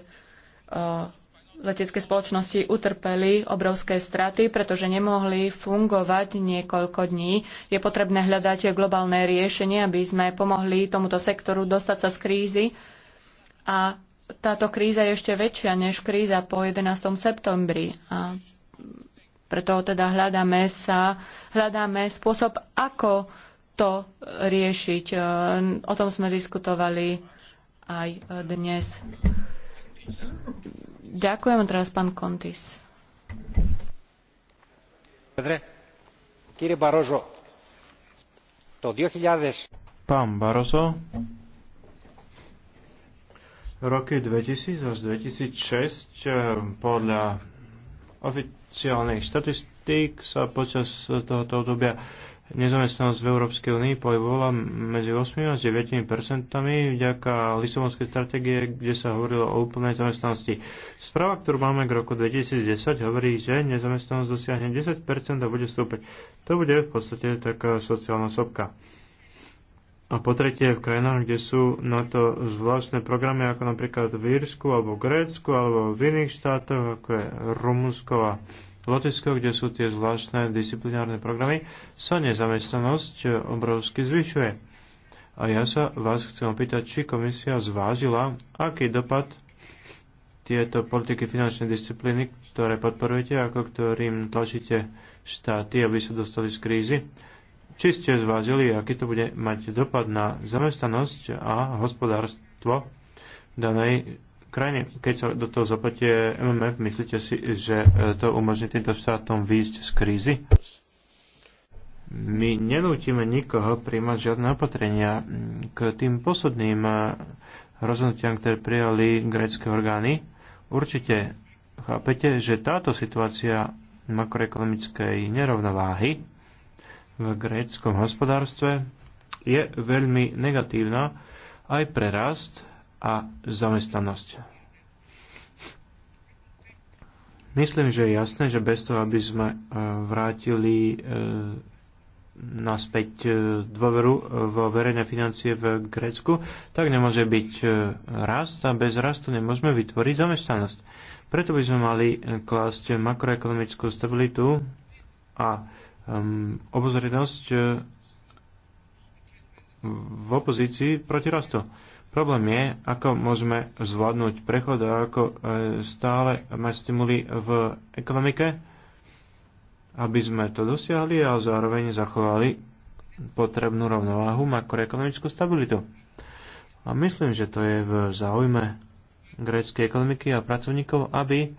letecké spoločnosti utrpeli obrovské straty, pretože nemohli fungovať niekoľko dní. Je potrebné hľadať globálne riešenie, aby sme pomohli tomuto sektoru dostať sa z krízy a táto kríza je ešte väčšia než kríza po 11. septembri. A preto teda hľadáme, sa, hľadáme spôsob, ako to riešiť. E, o tom sme diskutovali aj dnes. Ďakujem teraz pán Kontis. Pán Barozo, roky 2000 až 2006 eh, podľa oficiálnych štatistík sa počas tohoto obdobia nezamestnanosť v Európskej únii pohybovala medzi 8 a 9 percentami vďaka Lisabonskej stratégie, kde sa hovorilo o úplnej zamestnanosti. Správa, ktorú máme k roku 2010, hovorí, že nezamestnanosť dosiahne 10 a bude stúpať. To bude v podstate taká sociálna sopka. A po tretie v krajinách, kde sú na to zvláštne programy, ako napríklad v Írsku, alebo Grécku, alebo v iných štátoch, ako je Rumunsko a Lotisko, kde sú tie zvláštne disciplinárne programy, sa nezamestnanosť obrovsky zvyšuje. A ja sa vás chcem opýtať, či komisia zvážila, aký dopad tieto politiky finančnej disciplíny, ktoré podporujete, ako ktorým tlačíte štáty, aby sa dostali z krízy, či ste zvážili, aký to bude mať dopad na zamestnanosť a hospodárstvo danej krajine. Keď sa do toho zapatie MMF, myslíte si, že e, to umožní týmto štátom výjsť z krízy? My nenútime nikoho príjmať žiadne opatrenia k tým posledným e, rozhodnutiam, ktoré prijali grécké orgány. Určite chápete, že táto situácia makroekonomickej nerovnováhy v gréckom hospodárstve je veľmi negatívna aj pre rast a zamestnanosť. Myslím, že je jasné, že bez toho, aby sme e, vrátili e, naspäť e, dôveru vo verejné financie v Grécku, tak nemôže byť rast a bez rastu nemôžeme vytvoriť zamestnanosť. Preto by sme mali klásť makroekonomickú stabilitu a Ehm, obozrednosť e, v opozícii proti rastu. Problém je, ako môžeme zvládnuť prechod a ako e, stále mať stimuly v ekonomike, aby sme to dosiahli a zároveň zachovali potrebnú rovnováhu makroekonomickú stabilitu. A myslím, že to je v záujme gréckej ekonomiky a pracovníkov, aby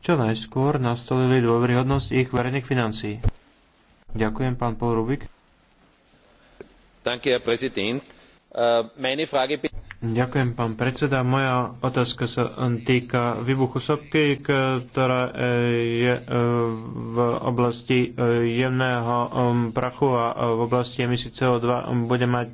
čo najskôr nastolili dôveryhodnosť ich verejných financií. Ďakujem, pán Paul Rubik. Äh, Ďakujem, pán Moja otázka sa týka výbuchu sopky, ktorá e, je e, v oblasti e, jemného um, prachu a v oblasti emisí CO2 bude mať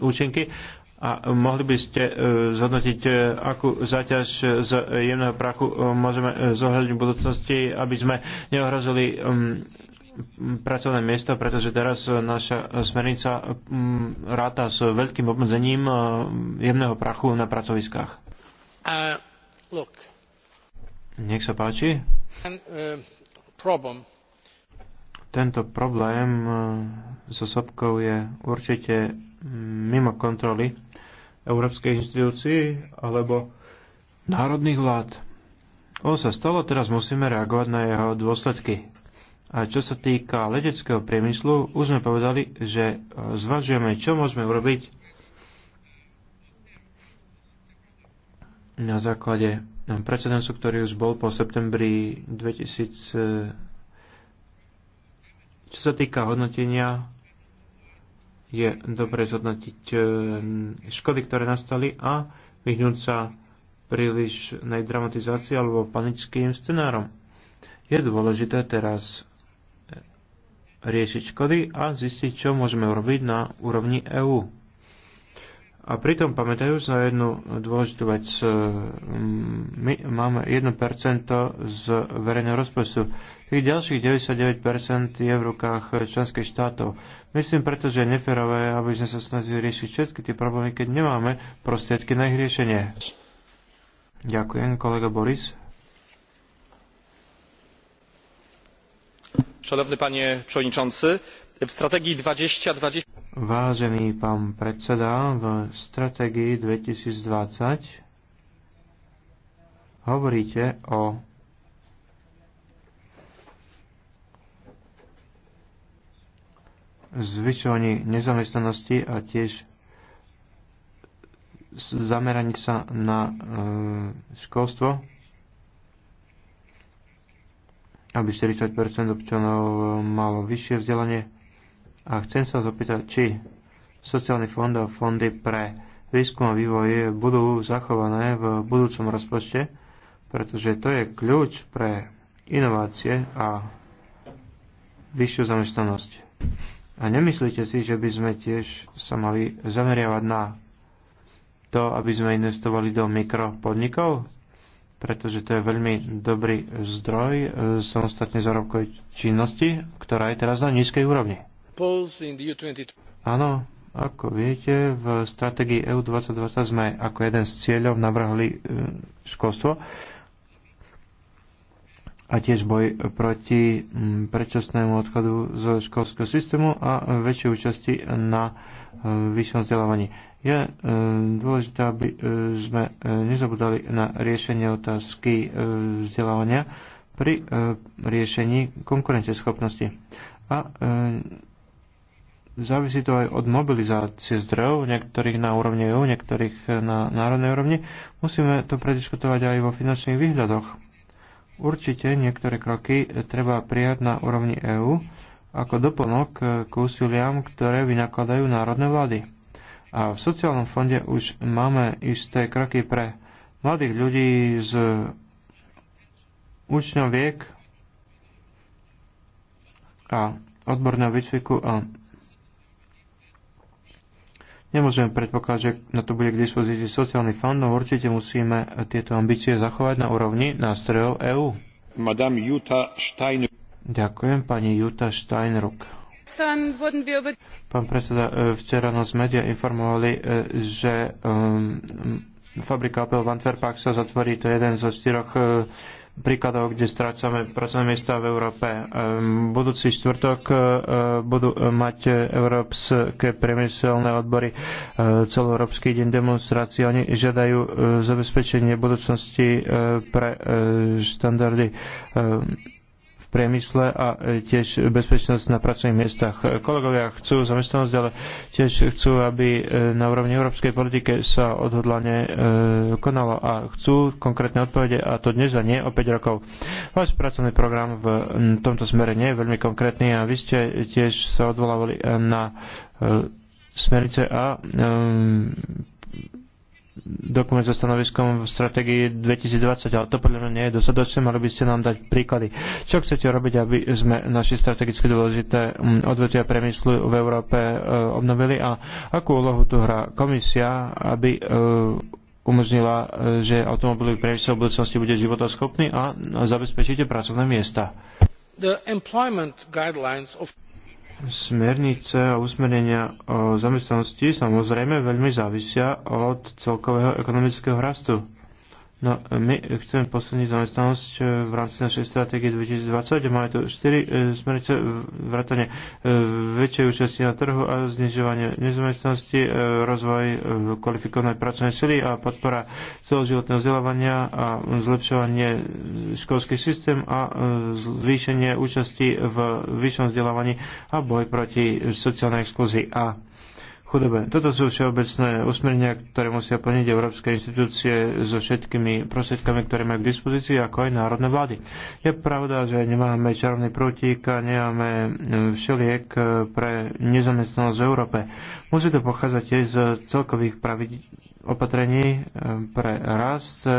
účinky. A mohli by ste e, zhodnotiť, e, akú záťaž z jemného prachu e, môžeme zohľadniť v budúcnosti, aby sme neohrozili pracovné miesto, pretože teraz naša smernica ráta s veľkým obmedzením jemného prachu na pracoviskách. Uh, look. Nech sa páči. And, um, uh, problem. Tento problém so sopkou je určite mimo kontroly európskej inštitúcii alebo národných vlád. Ono sa stalo, teraz musíme reagovať na jeho dôsledky. A čo sa týka leteckého priemyslu, už sme povedali, že e, zvažujeme, čo môžeme urobiť na základe precedensu, ktorý už bol po septembri 2000. E, čo sa týka hodnotenia je dobre zhodnotiť e, škody, ktoré nastali a vyhnúť sa príliš najdramatizácii alebo panickým scenárom. Je dôležité teraz e, riešiť škody a zistiť, čo môžeme urobiť na úrovni EÚ. A pritom pamätajú na jednu dôležitú vec. E, my máme 1% z verejného rozpočtu. Tých ďalších 99% je v rukách členských štátov. Myslím preto, že je neférové, aby sme sa snažili riešiť všetky tie problémy, keď nemáme prostriedky na ich riešenie. Ďakujem, kolega Boris. Szanowny panie przewodniczący, v 2020... Vážený pán predseda, v stratégii 2020 hovoríte o zvyšovaní nezamestnanosti a tiež zameraní sa na e, školstvo, aby 40 občanov malo vyššie vzdelanie a chcem sa zapýtať, či sociálny fond a fondy pre výskum a vývoj budú zachované v budúcom rozpočte, pretože to je kľúč pre inovácie a vyššiu zamestnanosť. A nemyslíte si, že by sme tiež sa mali zameriavať na to, aby sme investovali do mikropodnikov? pretože to je veľmi dobrý zdroj e, samostatne zárobkovej činnosti, ktorá je teraz na nízkej úrovni. Áno, ako viete, v stratégii EU 2020 sme ako jeden z cieľov navrhli e, školstvo a tiež boj proti predčasnému odchodu z školského systému a väčšej účasti na e, vyššom vzdelávaní. Je e, dôležité, aby sme nezabudali na riešenie otázky vzdelávania pri riešení konkurenceschopnosti. A závisí to aj od mobilizácie zdrojov, niektorých na úrovni EU, niektorých na národnej úrovni. Musíme to prediskutovať aj vo finančných výhľadoch. Určite niektoré kroky treba prijať na úrovni EÚ ako doplnok k úsiliam, ktoré vynakladajú národné vlády. A v sociálnom fonde už máme isté kroky pre mladých ľudí z učňoviek a odborného výcviku a Nemôžeme predpokladať, že na to bude k dispozícii sociálny fond, no určite musíme tieto ambície zachovať na úrovni nástrojov EÚ. Ďakujem, pani Juta Steinruck. Pán predseda, e, včera nás media informovali, e, že fabrika Opel v Antwerpách sa zatvorí. To je jeden zo štyroch e, príkladov, kde strácame pracovné miesta v Európe. Ehm, budúci štvrtok e, budú mať európske priemyselné odbory e, celoeurópsky deň demonstrácií. Oni žiadajú e, zabezpečenie budúcnosti pre štandardy ehm, priemysle a e, tiež bezpečnosť na pracovných miestach. Kolegovia chcú zamestnanosť, ale tiež chcú, aby e, na úrovni európskej politike sa odhodlane e, konalo a chcú konkrétne odpovede a to dnes a nie o 5 rokov. Váš pracovný program v tomto smere nie je veľmi konkrétny a vy ste tiež sa odvolávali na smernice a um, dokument so stanoviskom v stratégii 2020, ale to podľa mňa nie je dostatočné, mali by ste nám dať príklady. Čo chcete robiť, aby sme naše strategicky dôležité mm, odvetvia priemyslu v Európe e, obnovili a akú úlohu tu hrá komisia, aby e, umožnila, e, že automobilový priemysel v budúcnosti bude životoschopný a zabezpečíte pracovné miesta. The employment guidelines of smernice a usmerenia o zamestnanosti samozrejme veľmi závisia od celkového ekonomického rastu. No, my chceme posilniť zamestnanosť e, v rámci našej stratégie 2020. Máme tu 4 e, smernice vrátane e, väčšej účasti na trhu a znižovanie nezamestnanosti, rozvoj kvalifikovanej pracovnej sily a podpora celoživotného vzdelávania a zlepšovanie školských systém a zvýšenie účasti v vyššom vzdelávaní a boj proti sociálnej exkluzii. A chudobe. Toto sú všeobecné usmernenia, ktoré musia plniť európske inštitúcie so všetkými prostriedkami, ktoré majú k dispozícii, ako aj národné vlády. Je pravda, že nemáme čarovný prútik a nemáme e, všeliek e, pre nezamestnanosť v Európe. Musí to pochádzať aj z celkových pravidel opatrení e, pre rast,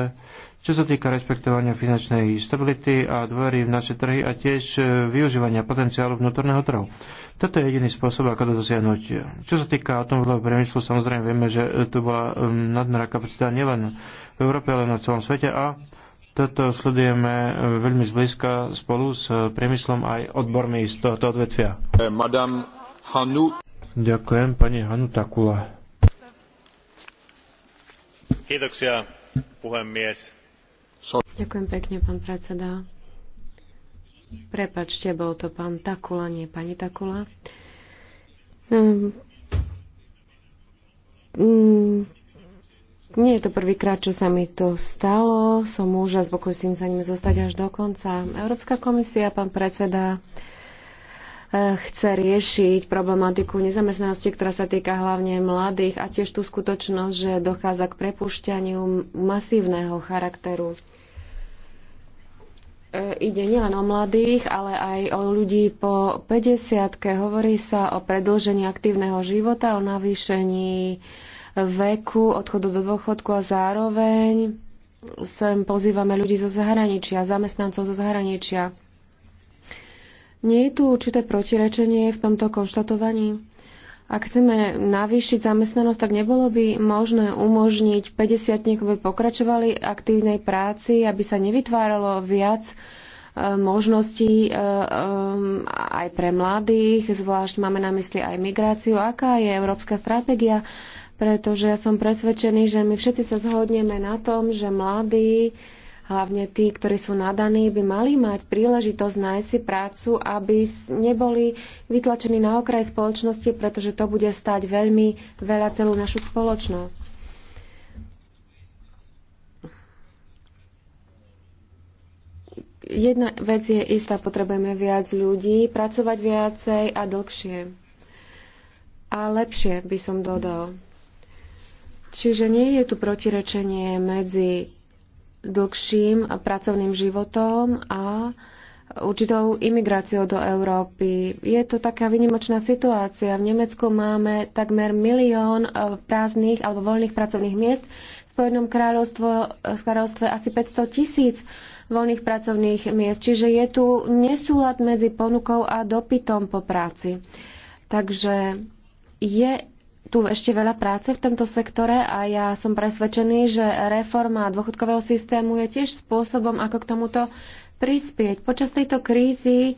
čo sa týka respektovania finančnej stability a dôvery v naše trhy a tiež e, využívania potenciálu vnútorného trhu. Toto je jediný spôsob, ako to dosiahnuť. Čo sa týka automobilového priemyslu, samozrejme vieme, že e, tu bola e, nadmerná kapacita nielen v Európe, ale na celom svete a toto sledujeme veľmi zblízka spolu s priemyslom aj odbormi z tohoto odvetvia. Madame Hanu. Ďakujem, pani Hanu Takula. Kiitoksia, puhemies. Ďakujem pekne, pán predseda. Prepačte, bol to pán Takula, nie pani Takula. Um, um, nie je to prvýkrát, čo sa mi to stalo. Som a pokúsim sa ním zostať až do konca. Európska komisia, pán predseda, e, chce riešiť problematiku nezamestnanosti, ktorá sa týka hlavne mladých a tiež tú skutočnosť, že dochádza k prepušťaniu masívneho charakteru. E, ide nielen o mladých, ale aj o ľudí po 50. -ke. Hovorí sa o predĺžení aktívneho života, o navýšení veku, odchodu do dôchodku a zároveň sem pozývame ľudí zo zahraničia, zamestnancov zo zahraničia. Nie je tu určité protirečenie v tomto konštatovaní? Ak chceme navýšiť zamestnanosť, tak nebolo by možné umožniť 50 aby pokračovali aktívnej práci, aby sa nevytváralo viac e, možností e, e, aj pre mladých, zvlášť máme na mysli aj migráciu. Aká je európska stratégia? Pretože ja som presvedčený, že my všetci sa zhodneme na tom, že mladí Hlavne tí, ktorí sú nadaní, by mali mať príležitosť nájsť si prácu, aby neboli vytlačení na okraj spoločnosti, pretože to bude stať veľmi veľa celú našu spoločnosť. jedna vec je istá, potrebujeme viac ľudí, pracovať viacej a dlhšie. A lepšie by som dodal. Čiže nie je tu protirečenie medzi dlhším pracovným životom a určitou imigráciou do Európy. Je to taká vynimočná situácia. V Nemecku máme takmer milión e, prázdnych alebo voľných pracovných miest, v Spojenom e, kráľovstve asi 500 tisíc voľných pracovných miest. Čiže je tu nesúlad medzi ponukou a dopytom po práci. Takže je tu ešte veľa práce v tomto sektore a ja som presvedčený, že reforma dôchodkového systému je tiež spôsobom, ako k tomuto prispieť. Počas tejto krízy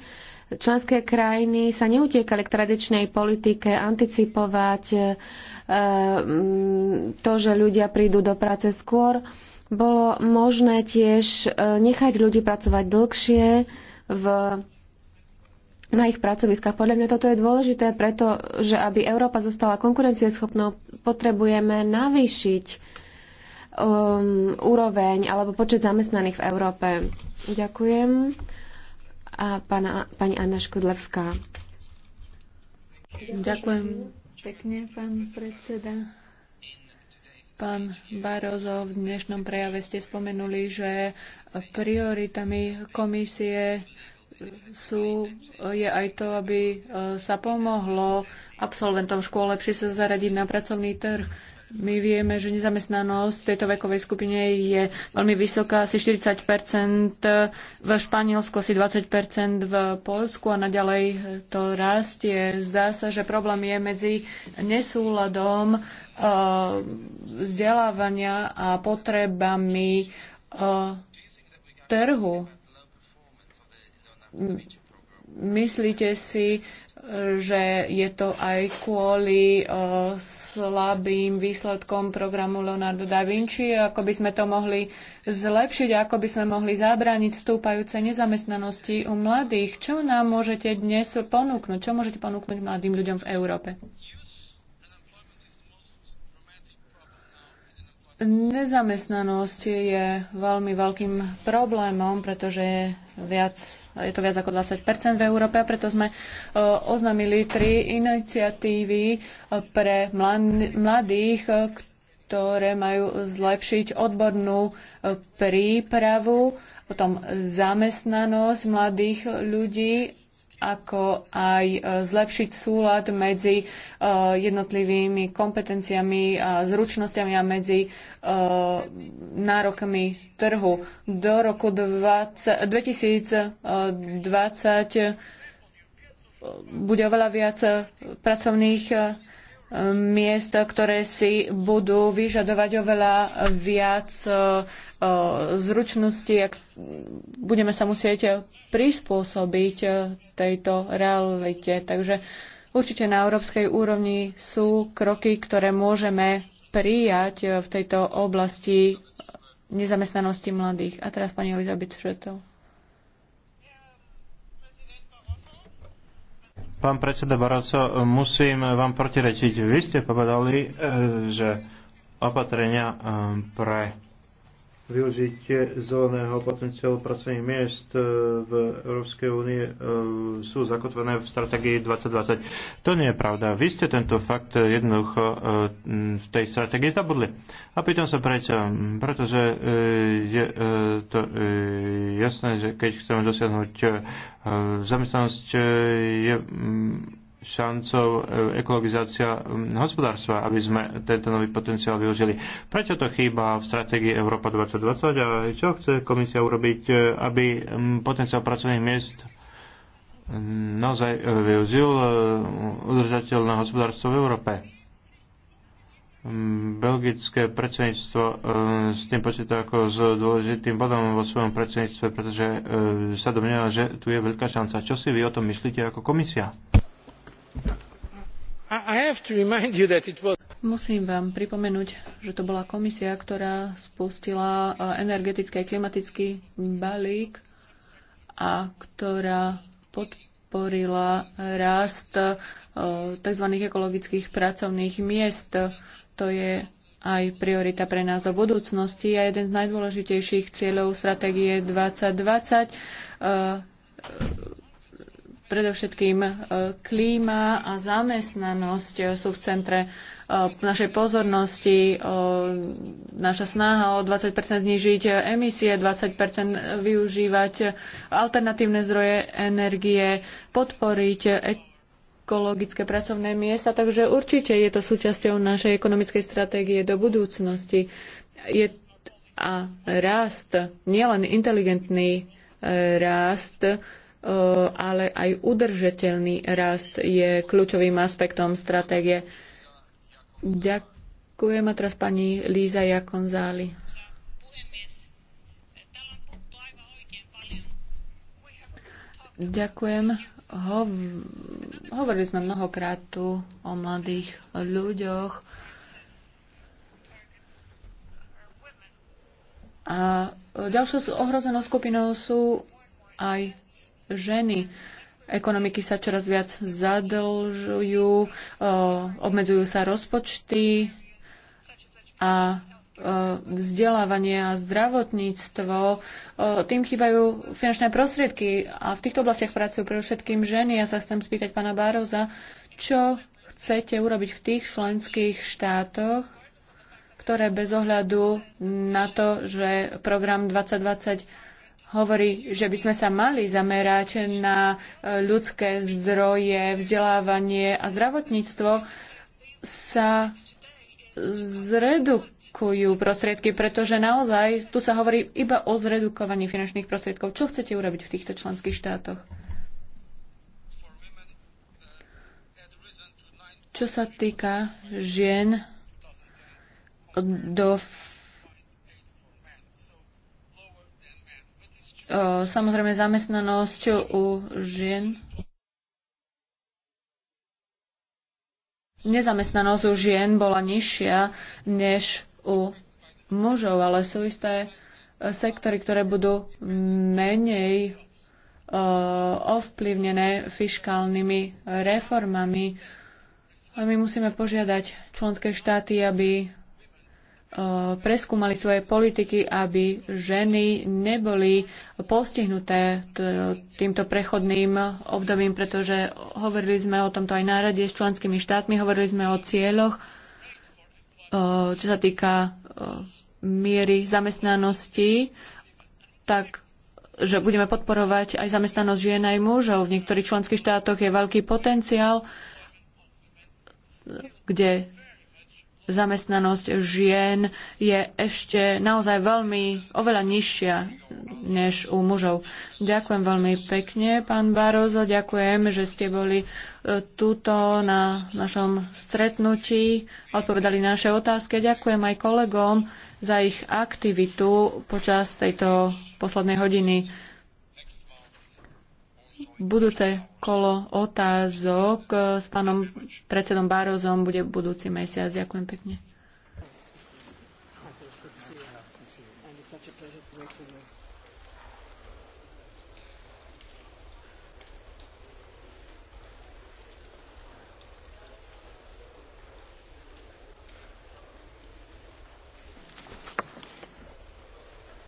členské krajiny sa neutiekali k tradičnej politike anticipovať e, to, že ľudia prídu do práce skôr. Bolo možné tiež eh, nechať ľudí pracovať dlhšie v na ich pracoviskách. Podľa mňa toto je dôležité, pretože aby Európa zostala konkurencieschopnou, potrebujeme navýšiť um, úroveň alebo počet zamestnaných v Európe. Ďakujem. A pana, pani Anna Škudlevská. Ďakujem pekne, pán predseda. Pán Barozo, v dnešnom prejave ste spomenuli, že prioritami komisie sú, je aj to, aby e, sa pomohlo absolventom škôl lepšie sa zaradiť na pracovný trh. My vieme, že nezamestnanosť v tejto vekovej skupine je veľmi vysoká, asi 40 v Španielsku, asi 20 v Polsku a naďalej to rastie. Zdá sa, že problém je medzi nesúladom uh, vzdelávania a potrebami uh, trhu Myslíte si, e, že je to aj kvôli uh, slabým výsledkom programu Leonardo da Vinci, ako by sme to mohli zlepšiť, ako by sme mohli zabrániť stúpajúcej nezamestnanosti u mladých. Čo nám môžete dnes ponúknuť? Čo môžete ponúknuť mladým ľuďom v Európe? Nezamestnanosť je veľmi veľkým problémom, pretože je, viac, je to viac ako 20 v Európe a preto sme e, oznámili tri iniciatívy e, pre mladých, e, ktoré majú zlepšiť odbornú prípravu, potom zamestnanosť mladých ľudí ako aj e, zlepšiť súlad medzi e, jednotlivými kompetenciami a zručnosťami a medzi e, nárokmi trhu. Do roku 2020 bude oveľa viac pracovných miest, ktoré si budú vyžadovať oveľa viac zručnosti, ak budeme sa musieť prispôsobiť e, tejto realite. Takže určite na európskej úrovni sú kroky, ktoré môžeme prijať e, v tejto oblasti nezamestnanosti mladých. A teraz pani Elizabeth Šretov. Pán predseda Barroso, musím vám protirečiť. Vy ste povedali, e, že opatrenia pre využitie zeleného potenciálu pracovných miest e, v Európskej únie sú zakotvené v stratégii 2020. To nie je pravda. Vy ste tento fakt jednoducho v e, tej stratégii zabudli. A pýtam sa prečo. Pretože e, je to jasné, že keď chceme dosiahnuť zamestnanosť, je šancou e, ekologizácia hospodárstva, aby sme tento nový potenciál využili. Prečo to chýba v stratégii Európa 2020 a čo chce komisia urobiť, e, aby potenciál pracovných miest naozaj e, využil udržateľné hospodárstvo v Európe? belgické predsedníctvo s tým počíta ako s dôležitým bodom vo svojom predsedníctve, pretože sa domnieva, že tu je veľká šanca. Čo si vy o tom myslíte ako komisia? Musím vám pripomenúť, že to bola komisia, ktorá spustila e, energetický a klimatický balík a ktorá podporila rast e, tzv. ekologických pracovných miest. To je aj priorita pre nás do budúcnosti a jeden z najdôležitejších cieľov stratégie 2020 Predovšetkým e, klíma a zamestnanosť sú v centre e, našej pozornosti, e, naša snaha o 20 znížiť emisie, 20 využívať alternatívne zdroje energie, podporiť ekologické pracovné miesta. Takže určite je to súčasťou našej ekonomickej stratégie do budúcnosti. Je a rast, nielen inteligentný rast, Eh, ale aj udržateľný rast je kľúčovým aspektom stratégie. Ďakujem a teraz pani Líza Jakonzáli. Ďakujem. Ho- hovorili sme mnohokrát tu o mladých ľuďoch. A ďalšou ohrozenou skupinou sú aj ženy. Ekonomiky sa čoraz viac zadlžujú, eh, obmedzujú sa rozpočty a eh, vzdelávanie a zdravotníctvo. Eh, tým chýbajú finančné prostriedky a v týchto oblastiach pracujú pre všetkým ženy. Ja sa chcem spýtať pána Bároza, čo chcete urobiť v tých členských štátoch, ktoré bez ohľadu na to, že program 2020 hovorí, že by sme sa mali zamerať na e, ľudské zdroje, vzdelávanie a zdravotníctvo, sa zredukujú prostriedky, pretože naozaj tu sa hovorí iba o zredukovaní finančných prostriedkov. Čo chcete urobiť v týchto členských štátoch? Čo sa týka žien do E, samozrejme zamestnanosť u žien. Nezamestnanosť u žien bola nižšia než u mužov, ale sú isté e, sektory, ktoré budú menej e, ovplyvnené fiskálnymi reformami. A my musíme požiadať členské štáty, aby E, preskúmali svoje politiky, aby ženy neboli postihnuté týmto prechodným obdobím, pretože hovorili sme o tomto aj na rade s členskými štátmi, hovorili sme o cieľoch, e, čo sa týka e, miery zamestnanosti, tak že budeme podporovať aj zamestnanosť žien aj mužov. V niektorých členských štátoch je veľký potenciál, kde zamestnanosť žien je ešte naozaj veľmi, oveľa nižšia než u mužov. Ďakujem veľmi pekne, pán Barozo, ďakujem, že ste boli e, tuto na našom stretnutí a odpovedali naše otázky. Ďakujem aj kolegom za ich aktivitu počas tejto poslednej hodiny budúce kolo otázok s pánom predsedom Barozom bude budúci mesiac. Ďakujem pekne.